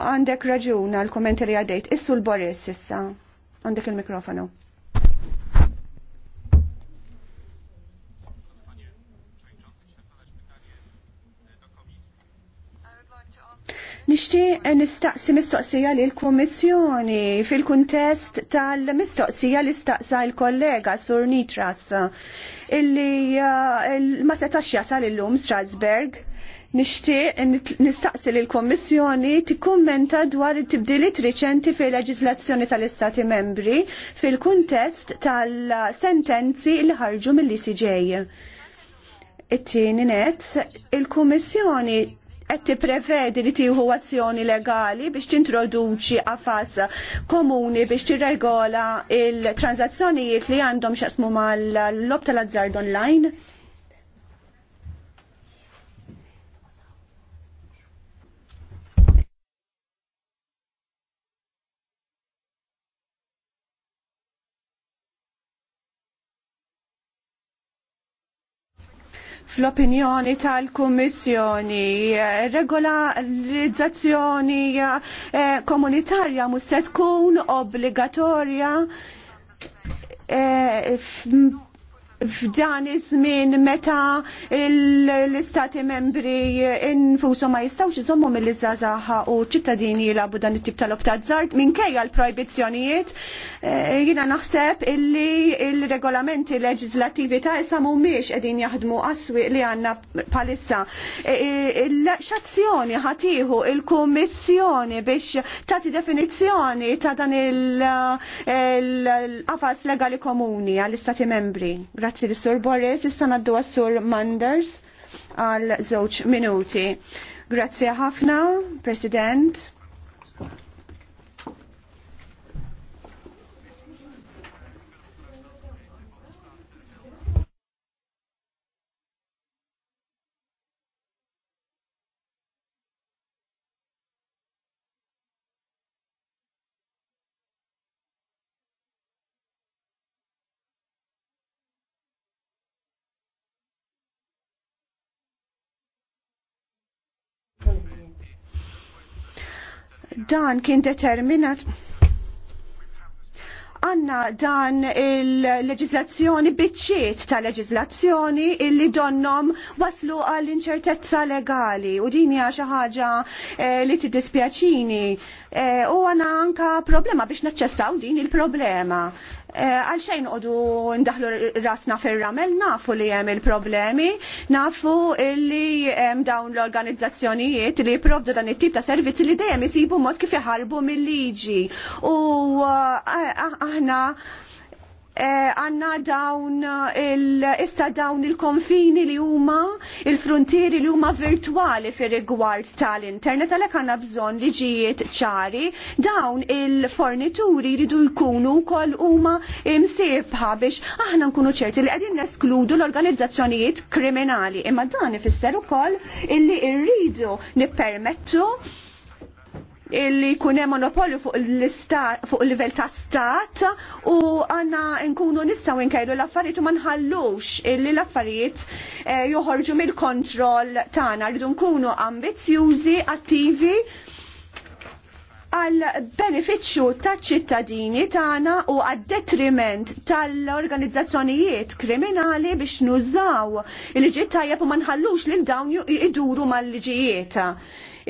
għandek raġuna l-kommenti li għadejt. Issu l-Boris issa. Għandek il-mikrofonu. Nishtiq nistaqsi mistoqsija li l-Komissjoni fil-kuntest tal-mistoqsija li staqsa l-kollega Sur Nitras illi uh, ma setax jasal l lum Strasberg Nixtieq nistaqsi lill kommissjoni tikkummenta dwar it-tibdiliet riċenti fil leġislazzjoni tal-Istati membri fil-kuntest tal-sentenzi li ħarġu mill-ICJ. It-tieni net, il-Kummissjoni qed tipprevedi li tieħu azzjoni legali biex tintroduċi qafas komuni biex tirregola il-tranzazzjonijiet li għandhom x'jaqsmu mal-lob tal-azzard online? fl-opinjoni tal-Kummissjoni, regolarizzazzjoni eh, komunitarja mhux se tkun obbligatorja eh, f'dan iż-żmien meta l-istati membri infushom ma jistgħux iżommu mill-iżżazaħa u ċittadini jilabu dan it-tip tal ta' żart minkejja l-projbizzjonijiet e, jiena naħseb illi l-regolamenti leġislattivi ta' issa mhumiex qegħdin jaħdmu aswiq li għandna palissa. E, e, X'azzjoni ħatiħu il-Kummissjoni biex tagħti definizzjoni ta' dan il-qafas legali komuni għall-istati membri. Grazzi li sur Boris, issa naddu għas-sur Manders għal żewġ minuti. Grazzi ħafna, President. dan kien determinat għanna dan il-leġizlazzjoni biċċiet ta' leġizlazzjoni illi donnom waslu għall-inċertezza legali u din hija xi ħaġa eh, li tiddispjaċini eh, u għana anka problema biex naċċessaw din il-problema għalxejn għodu ndaħlu rasna fil-ramel, nafu li jem il-problemi, nafu li jem dawn l-organizzazzjonijiet li jiprovdu dan it-tip ta' servizzi li dejjem isibu mod kif jħarbu mill-liġi. U eh, aħna Eh, għanna dawn eh, il, issa dawn il-konfini li huma il-frontieri li huma virtuali fir rigward tal-internet għanna bżon bżonn liġijiet ċari dawn il-fornituri jridu jkunu wkoll huma imsibħa biex aħna nkunu ċerti li qegħdin neskludu l-organizzazzjonijiet kriminali imma dan ifisser ukoll illi rridu nippermettu illi kunem monopolju fuq il-level ta' stat u għanna nkunu nistaw nkajlu l-affarijiet u manħallux illi l-affarijiet eh, joħorġu mill-kontroll tagħna rridu nkunu ambizzjużi, attivi għal beneficju taċ ċittadini tagħna u għad detriment tal-organizzazzjonijiet kriminali biex nużaw il-liġi tajjeb u ma nħallux lil dawn iduru mal-liġijiet.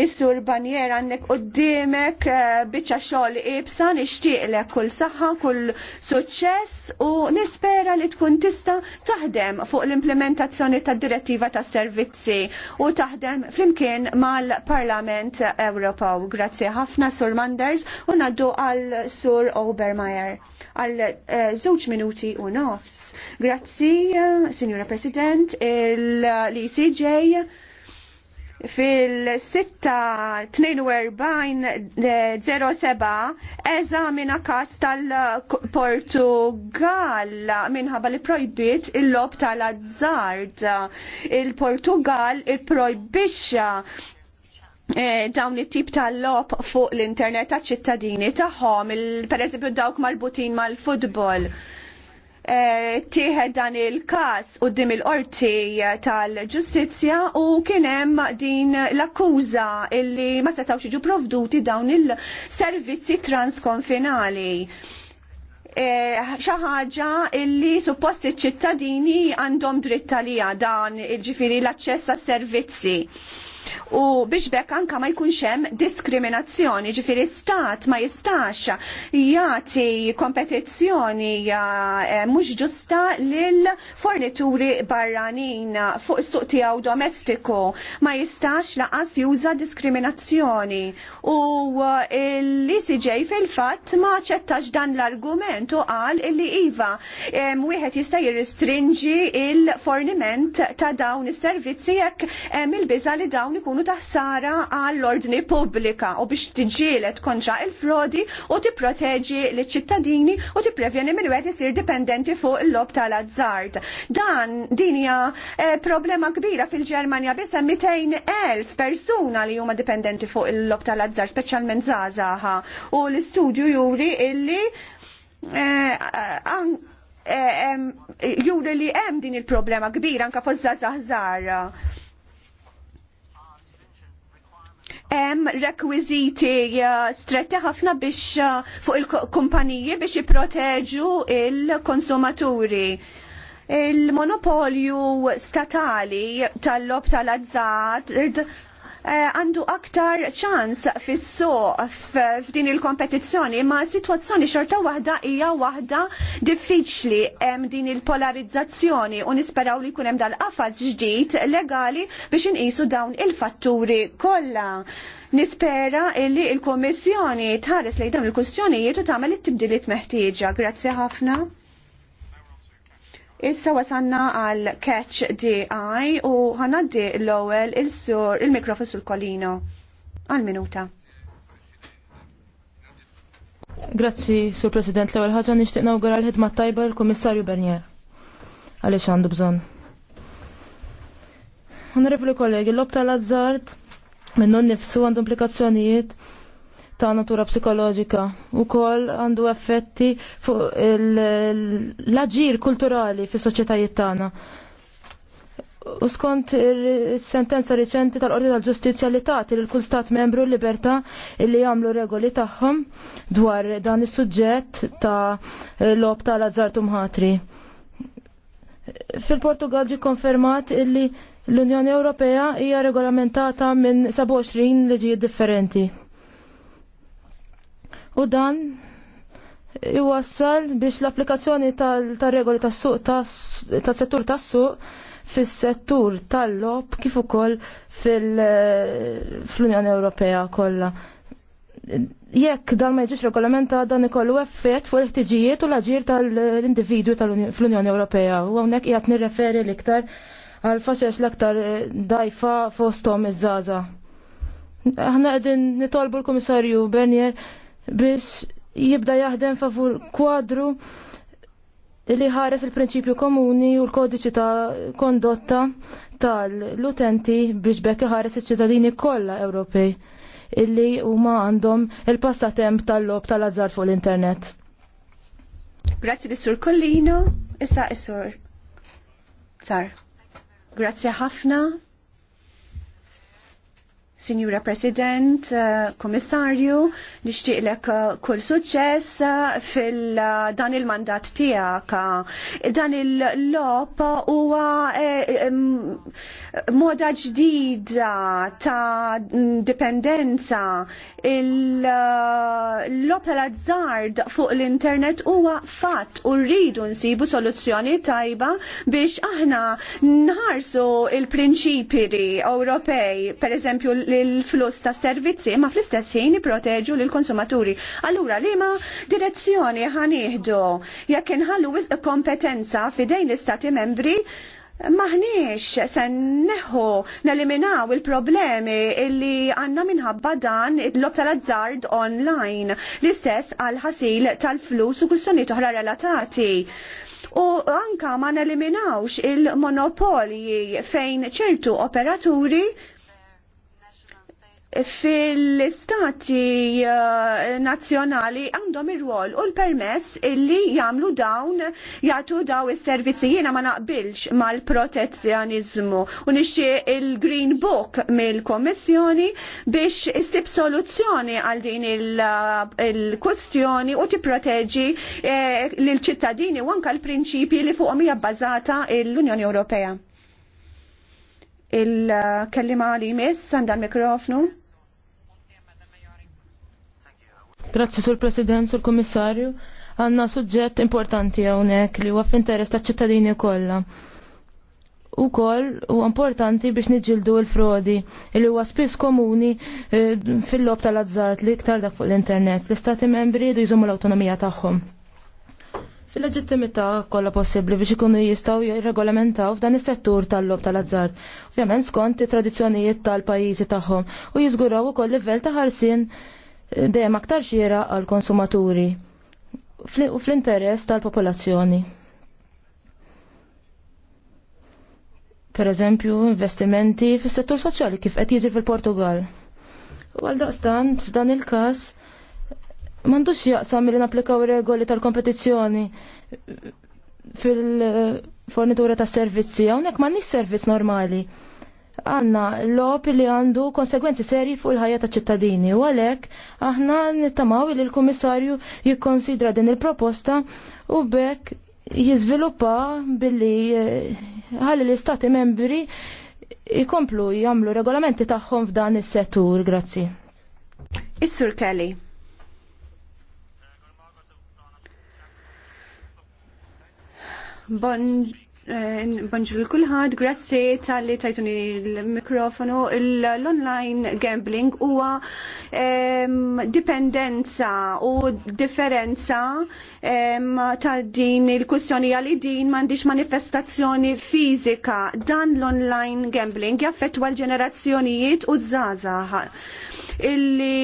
Is-sur banjera għandek qoddimek eh, biċċa xogħol ibsa nixtieqlek kull saħħa, kull suċċess u nispera li tkun tista' taħdem fuq l-implementazzjoni tad-direttiva tas-servizzi u taħdem flimkien mal-Parlament Ewropew. Grazzi ħafna sur Manders u naddu għal sur Obermeyer għal eh, żewġ minuti u nofs. Grazzi, eh, Signora President, il-ECJ fil-6-42-07 eh, eżamina kas tal-Portugal minħabba li projbit il-lob tal-azzard. Il-Portugal il-projbixa eh, dawn it-tip tal-lop fuq l-internet ta' ċittadini tagħhom, pereżempju dawk marbutin mal-futbol. Eh, tieħed dan il-każ quddiem il-qorti tal-ġustizzja u kien hemm din l-akkuża illi ma setgħux jiġu provduti dawn il-servizzi transkonfinali eh, ħaġa illi suppost iċ-ċittadini għandhom dritt għalija dan ġifiri l-aċċess għas-servizzi u biex bekk anka ma jkunx hemm diskriminazzjoni, ġifieri stat ma jistax jagħti kompetizzjoni eh, mhux ġusta lil fornituri barranin fuq is-suq tiegħu domestiku ma jistax laqas juża diskriminazzjoni u eh, l-ICJ fil-fatt ma ċettax dan l-argument u qal illi iva eh, wieħed jista' jirristrinġi il-forniment ta' dawn is-servizzi jekk il-biża li dawn ikunu taħsara għall-ordni pubblika u biex tiġielet kontra il-frodi u tipproteġi l-ċittadini u tipprevjeni minn wieħed isir dipendenti fuq il-lob tal-azzard. Dan din hija eh, problema kbira fil-Ġermanja biss hemm 200,000 persuna li huma dipendenti fuq il-lob tal-azzard, speċjalment żgħażagħha. U l-istudju juri illi eh, eh juri li hemm din il-problema kbira anka fost żgħażagħ hemm rekwiżiti eh, stretti ħafna biex eh, fuq il-kumpaniji biex jipproteġu il-konsumaturi. Il-monopolju statali tal-lob tal-azzard Eh, għandu aktar ċans fis f'din il-kompetizzjoni, ma situazzjoni xorta waħda hija waħda diffiċli hemm din il-polarizzazzjoni u nisperaw li jkun hemm dal-qafas ġdid legali biex inqisu dawn il-fatturi kollha. Nispera li l-Kommissjoni tħares lejn dawn il-kustjonijiet u tagħmel it-tibdiliet meħtieġa. Grazzi ħafna. Issa wasanna għal Catch DI u ħanaddi l-ewwel il-sur il-mikrofon sul kolino għal minuta. Grazzi, Sur President, l-ewwel ħaġa nixtieq nawgur għall ħidma tajba l-Kummissarju Bernier. Għaliex għandu bżonn. Onorevoli kollegi, l-lob tal-azzard minnu nifsu għandu implikazzjonijiet ta' natura psikoloġika u kol għandu effetti fuq l-aġir kulturali fi soċjetajiet tagħna. U skont sentenza riċenti tal-Qorti tal-Ġustizzja li tagħti lil kull stat membru l-libertà li jagħmlu regoli tagħhom dwar dan is-suġġett ta' lob tal-azzart ħatri. Fil-Portugal ġi konfermat illi l-Unjoni Ewropea hija regolamentata minn 27 liġijiet differenti u dan iwassal biex l-applikazzjoni tal-regoli tas-suq tas-settur tas-suq fis-settur tal-lob kif ukoll fil-Unjoni Ewropea kollha. Jekk dan ma jiġix regolamenta dan ikollu effett fuq il-ħtiġijiet u l-aġir tal-individwi fl-Unjoni Ewropea u hawnhekk qiegħed nirreferi l-iktar għal faċex l-aktar eh, dajfa fosthom iż żaża Aħna qegħdin nitolbu l-Kummissarju Bernier biex jibda jaħdem favur kwadru li ħares il-prinċipju komuni u l-kodiċi ta' kondotta tal-utenti biex bekk ħares il ċittadini kollha Ewropej illi huma għandhom il-passatemp tal-lob tal-azzar fuq l-internet. Grazzi l-Sur Collino, issa is-Sur Sar. Grazzi ħafna. Signora President, uh, Komissarju, nishtiqlek uh, kull suċċess uh, fil-dan il-mandat tijak. Dan il-lop huwa um, moda ġdida ta' dipendenza. Il-lop tal-azzard fuq l-internet huwa fatt u rridu nsibu soluzzjoni tajba biex aħna nħarsu il-prinċipiri Ewropej, per eżempju l-flus ta' servizzi ma fl-istess ħin proteġu l-konsumaturi. Allura li ma direzzjoni ħanieħdu jekk inħallu wisq kompetenza fidejn l-istati membri Maħniex sen neħu neliminaw il-problemi illi għanna minħabba dan il lob tal-azzard online l-istess għal-ħasil tal-flus u kussoni toħra relatati. U anka ma neliminawx il-monopoli fejn ċertu operaturi fil-istati eh, nazzjonali għandhom ir-rwol u l-permess illi jagħmlu dawn jagħtu daw is-servizzi jiena ma naqbilx mal-protezzjonizmu u nixtieq il-Green Book mill-Kommissjoni biex issib soluzzjoni għal din il-kwestjoni u tipproteġi eh, lil ċittadini u anke l-prinċipji li fuqhom hija bbażata l-Unjoni Ewropea il-kellima li jmiss għandha l-mikrofnu. Grazzi sul President, sul Komissarju. Għanna suġġett importanti hawnhekk li huwa f'interess taċ-ċittadini kollha. U koll u importanti biex niġildu l-frodi li huwa spiss komuni eh, fil-lob tal-azzart li iktar dak fuq l-internet. L-istati membri jdu jżommu l-autonomija tagħhom fil-leġittimità kollha possibbli biex ikunu jistgħu jirregolamentaw f'dan is-settur tal-lob tal-azzar. Ovvjament skont it-tradizzjonijiet tal-pajjiżi tagħhom u jiżguraw ukoll livell ta' ħarsien eh, dejjem aktar xiera għal konsumaturi u fl-interess tal-popolazzjoni. Per eżempju, investimenti fis-settur soċjali kif qed jiġi fil-Portugal. U għal daqstant f'dan il-każ Mandux jaqsam li naplikaw regoli tal-kompetizzjoni fil-fornitura ta' servizzi, għonek ma' nix servizz normali. Għanna l-op li għandu konsegwenzi seri fuq il-ħajja ta' ċittadini, u għalek aħna nittamaw li l-komissarju jikkonsidra din il-proposta u bekk jizviluppa billi eh, ħalli l-istati membri jikomplu jgħamlu regolamenti tagħhom f'dan is-settur, grazzi. Is-Sur Kelly. Eh, bonġul Bonġur kulħadd, grazzi tal-li tajtuni l-mikrofonu. L-online gambling huwa dipendenza u differenza ta' din il-kussjoni għal din m'għandix manifestazzjoni fizika Dan l-online gambling jaffettwa l-ġenerazzjonijiet u żgħażagħ illi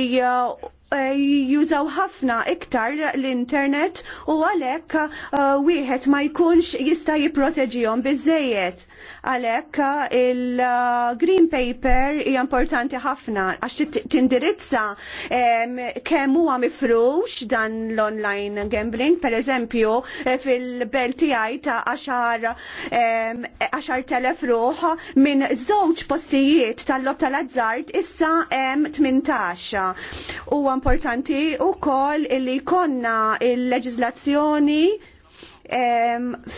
Eh, jużaw ħafna iktar l-internet u għalek eh, wieħed ma jkunx jista' jipproteġihom biżejjed. Għalek eh, il-Green Paper hija importanti ħafna għax tindirizza kemm huwa mifrux dan l-online gambling, per eżempju fil-belt tiegħi ta' 10,000 ruħ minn żewġ postijiet tal lotta tal-azzart issa hemm 18. Huwa importanti wkoll illi jkollna l leġiżlazzjoni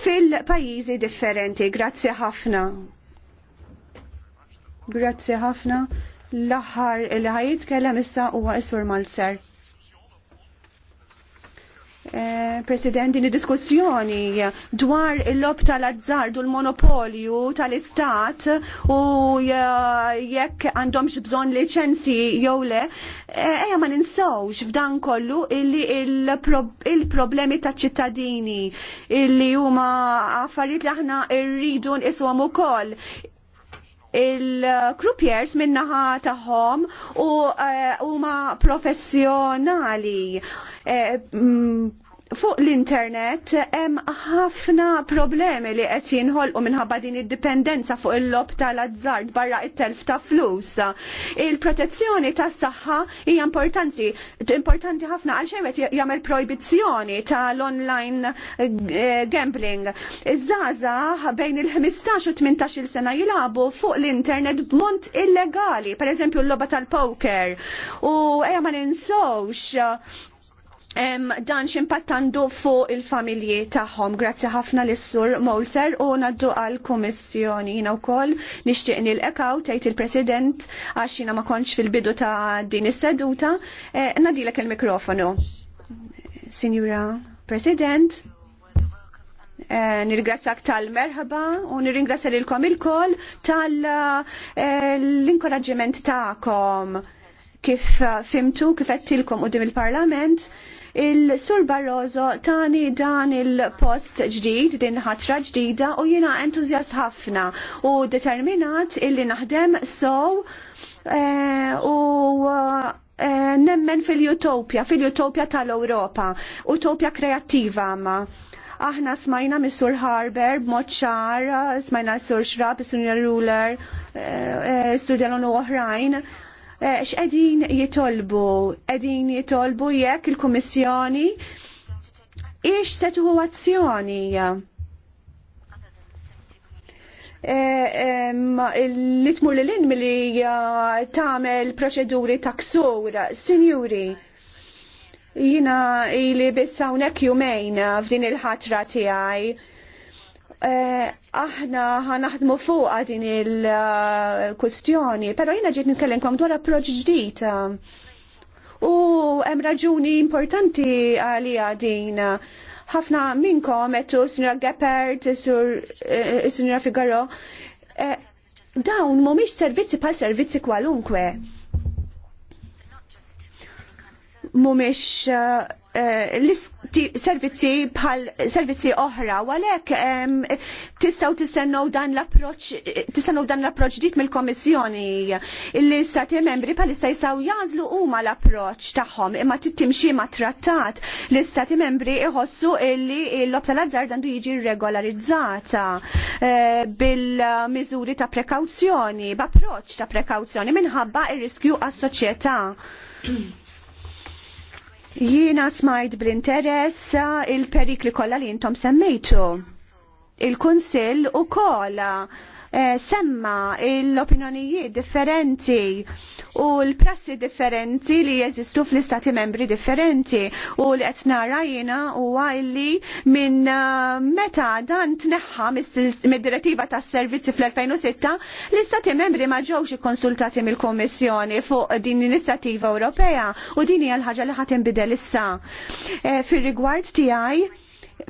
fil-pajjiżi differenti. Grazzi ħafna. Grazie ħafna. L-aħħar li kellem issa huwa Isur ser Eh, President, din diskussjoni dwar il-lob tal-azzardu l-monopolju tal-istat u eh, jekk għandhomx bżon licenzi jew le, eh, eja ma ninsawx f'dan kollu illi il-problemi ta' ċittadini illi huma affarijiet li aħna rridu nqishom ukoll il krupjers minnaħa taħħom u huma professjonali. Eh, mm, fuq l-internet hemm ħafna problemi li qed jinħolqu minħabba din id-dipendenza fuq il-lob tal-azzard barra it-telf ta' flus. Il-protezzjoni tas-saħħa hija importanti importanti ħafna għal xejn qed jagħmel projbizzjoni tal-online eh, gambling. Iż-żgħażagħ bejn il-15 u 18-il sena jilagħbu fuq l-internet b'mont illegali, pereżempju l-logħba tal-poker. U ejja ma ninsowx dan ximpattandu fuq il-familji tagħhom. Grazzi ħafna l sur Molser u naddu għall kummissjoni jina wkoll nixtieq ekaw tgħid il-President għax jiena ma kontx fil-bidu ta' din is-seduta. E, Nadilek il-mikrofonu. Signora President, e, nirgrazzak tal-merħaba u nirringrazzja lilkom il koll tal-inkoraġġiment e, ta'kom kif fimtu, kif għettilkom u dim il-parlament. Il-Sur Barroso tani dan il-post ġdid, din ħatra ġdida u jina entuzjast ħafna u determinat illi naħdem sow eh, u eh, nemmen fil-utopja, fil-utopja tal-Europa, utopja kreativa ma aħna smajna Missur Harber Moċar, smajna Sur Xrab, Sunja Ruler, eh, Delon u oħrajn, Eh, x'qegħdin jitolbu? Qegħdin jitolbu jekk il-Kummissjoni ix se tuħu azzjoni. Eh, li tmur lil in milli eh, tagħmel proċeduri ta' ksur, sinjuri. Jina li biss hawnhekk jumejn f'din il-ħatra tiegħi Eh, aħna ħanaħdmu fuq din il-kustjoni, pero jina ġiet nitkellem kwam dwar approċ ġdid. U hemm raġuni importanti għali din. Ħafna minnkom qed Sinra Geppert, Sinra eh, Figaro, eh, dawn mhumiex servizzi bħal servizzi kwalunkwe. Mhumiex Eh, servizzi bħal servizzi oħra u għalhekk tistgħu tistennew dan l-approċċ tistennew dan l-approċċ dik mill-Komissjoni li stati membri bħalissa jistgħu jażlu huma l-approċċ tagħhom imma tittimxi ma' trattat li stati membri iħossu illi l-lob tal-azzar dandu jiġi regolarizzata eh, bil-miżuri ta' prekawzjoni, b'approċċ ta' prekawzjoni minħabba ir-riskju għas-soċjetà. Jiena smajt bl-interess il-perikli kollha li intom semmejtu. Il-Kunsill ukoll Eh, semma l-opinjonijiet differenti u l-prassi differenti li jeżistu fl-istati membri differenti u li qed nara jiena huwa minn eh, meta dan tneħħa mid-direttiva tas-servizzi fl-2006 l-istati membri ma ġewx ikkonsultati mill-Kummissjoni fuq din l-inizjattiva Ewropea u din hija l-ħaġa li ħadd inbidel issa. Eh, fir-rigward tiegħi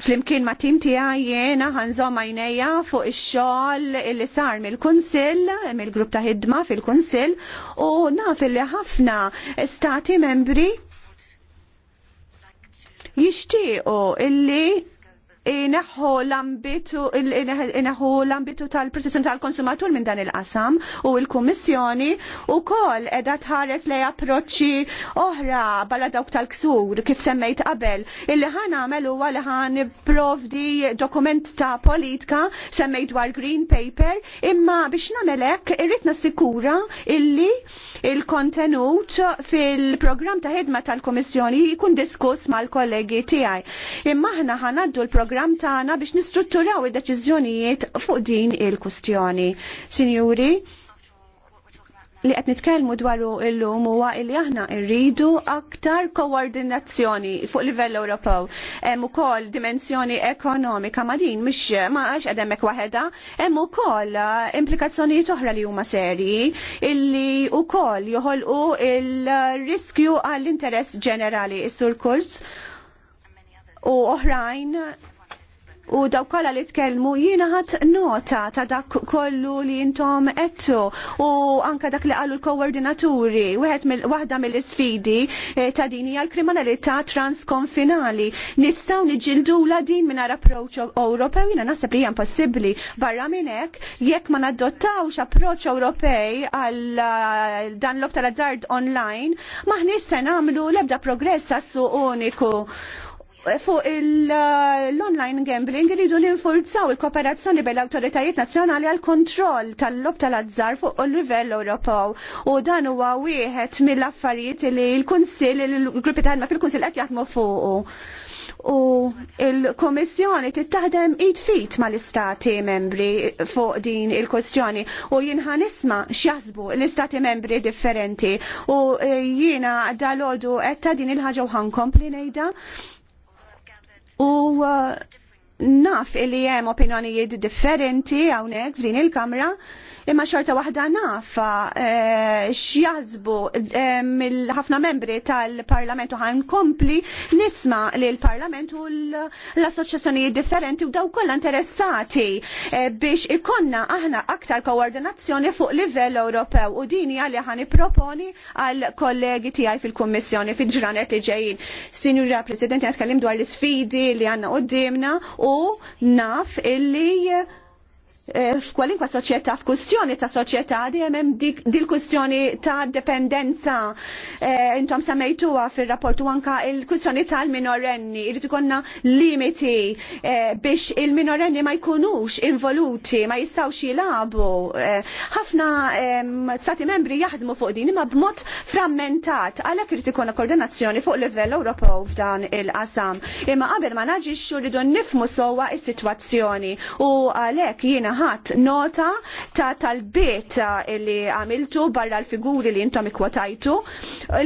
Flimkien ma tim tiegħi jiena ħanżom għajnejja fuq ix-xogħol li sar mill-Kunsill, mill-grupp ta' ħidma fil-Kunsill u naf li ħafna stati membri jixtiequ illi ineħħu l-ambitu ineħħu l-ambitu tal-protezzjoni tal-konsumatur minn dan il-qasam u l-Kummissjoni u kol edha tħares lej approċċi oħra barra dawk tal-ksur kif semmejt qabel. Illi ħan għamel huwa li ħan provdi dokument ta' politika semmejt dwar Green Paper imma biex nagħmel hekk irrid nassikura illi il-kontenut fil-programm ta' ħidma tal-Kummissjoni jkun diskuss mal-kollegi tiegħi. Imma aħna ħanaddu l-programm fil-programm tagħna biex nistrutturaw id-deċiżjonijiet fuq din il-kustjoni. Sinjuri, li qed nitkellmu dwaru illum huwa li aħna rridu aktar koordinazzjoni fuq livell Ewropew. Hemm ukoll dimensjoni ekonomika ma din mhix ma għax qed hemmhekk waħedha, hemm ukoll implikazzjonijiet oħra li huma serji illi wkoll joħolqu il-riskju għall-interess ġenerali is-sur Kurz u oħrajn u daw kolla li tkellmu jina ħat nota ta' dak kollu li intom qedtu u anka dak li qalu l-koordinaturi wieħed mill waħda mill-isfidi e, ta' din hija l-kriminalità transkonfinali. Nistgħu la din mingħajr approċċ Ewropew jiena naħseb li hija impossibbli barra minn hekk jekk ma nadottawx approċċ Ewropej għal dan l-ok tal online maħnis se nagħmlu l-ebda progress għas uniku fuq l-online gambling rridu ninfurzaw il-kooperazzjoni l awtoritajiet nazzjonali għal kontroll tal-lob tal-azzar fuq il-livell Ewropew. U dan huwa wieħed mill-affarijiet li l-Kunsill, il-gruppi ta' fil-Kunsill qed jaħdmu fuqu. U il-Komissjoni tittaħdem id fit mal-istati membri fuq din il-kwestjoni u jinħan isma x'jaħsbu l-istati membri differenti u jiena dalodu qed ta' din il-ħaġa u ħankompli ngħidha u uh, naf illi hemm opinjonijiet differenti hawnhekk f'din il-kamra, imma xorta waħda naf eh, xjazbu x'jażbu eh, mill-ħafna membri tal-Parlament u kompli nisma' lil parlament u l-assoċjazzjonijiet differenti u daw kollha interessati eh, biex ikonna aħna aktar koordinazzjoni fuq livell Ewropew u din li ħan proponi għal kollegi tiegħi fil-Kummissjoni fil-ġranet li ġejjin. Sinjura President, jgħat dwar l isfidi li għandna qudiemna u naf illi Eh, f'kwalinkwa soċjetà f'kustjoni ta' soċjetà di hemm dil-kustjoni ta' dipendenza eh, intom semmejtuha fir-rapport u anka l-kustjoni tal-minorenni irid ikollna limiti eh, biex il-minorenni ma jkunux involuti ma jistgħux jilagħbu. Ħafna stati membri jaħdmu fuq din imma b'mod frammentat għalhekk irid ikollna koordinazzjoni fuq livell Ewropew f'dan il-qasam. Imma qabel ma naġixxu rridu nifmu sewwa is-sitwazzjoni u għalhekk jiena ħadd nota ta' tal-bit li għamiltu barra l-figuri li intom ikkwotajtu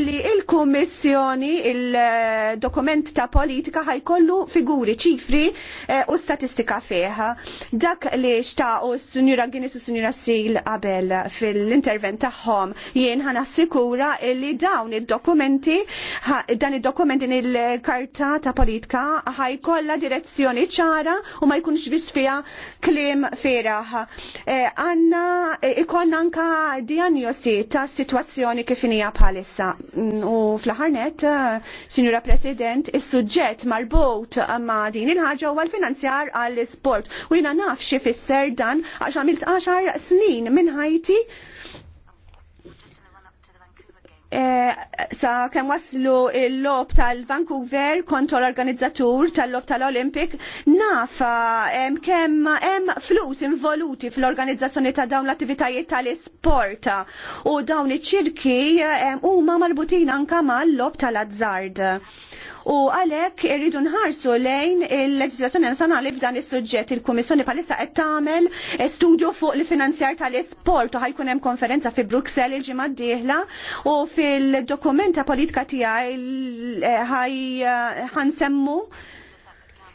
li il-Kummissjoni il-dokument ta' politika ħajkollu figuri ċifri eh, u statistika feħ. Dak li xtaqu s-Sunjura Guinness u s-Sunjura Sil qabel fil-intervent tagħhom jien ħana sikura li dawn id-dokumenti dan id-dokumenti il-karta ta' politika ħajkollha direzzjoni ċara u ma jkunx biss fija klim fejn il-biraħ eh, għanna eh, ikon anka diagnosi ta' situazzjoni kif hija bħalissa. Mm, u fl-ħarnet, eh, Sinjura President, is-suġġett marbut ma' din il-ħaġa huwa l-finanzjar għall-sport. U jiena naf xi fisser dan għax għamilt 10 snin minn ħajti Eh, sa kem waslu il-lob tal-Vancouver kontra l-organizzatur tal-lob tal-Olympic, nafa kem hemm flus involuti fl-organizzazzjoni ta' dawn l-attivitajiet tal isport u dawn iċ-ċirki huma marbutin anka mal-lob tal-azzard. U għalhekk irridu nħarsu lejn il leġislazzjoni nazzjonali f'dan is-suġġett il-Kummissjoni palissa qed tagħmel studju fuq il-finanzjar tal-isport u ħajkun hemm konferenza fi Bruxelles il-ġimgħa d-dieħla u fil-dokumenta politika tiegħi eh, ħaj eh, ħansemmu uh,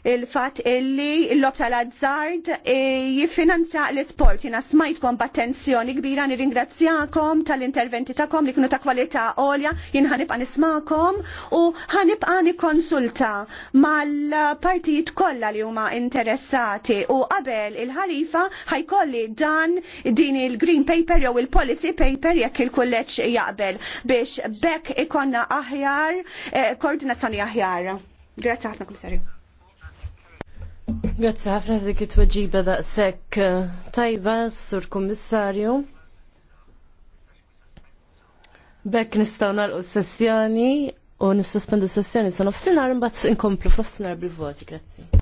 il-fat illi l-lob tal-azzard eh, jifinanza l-sport. Jina smajtkom b'attenzjoni kbira nirringrazzjakom tal-interventi takom li kienu ta' kwalità għolja, jien ħanibqa' nismakom u ħanibqa' nikkonsulta mal-partijiet kollha li huma interessati u qabel il-ħarifa ħajkolli dan din il-green paper jew il-policy paper jekk il-kulleġġ jaqbel biex bekk ikonna aħjar, eh, koordinazzjoni aħjar. Grazie ħafna, Komissarju. Grazzi ħafna tu it-tweġiba daqshekk eh, tajba, sur kummissarju. Bekk nistgħu nagħlqu s-sessjoni u nissospendu s-sessjoni sa nofsinhar imbagħad inkomplu f'nofsinhar bil-voti, grazzi.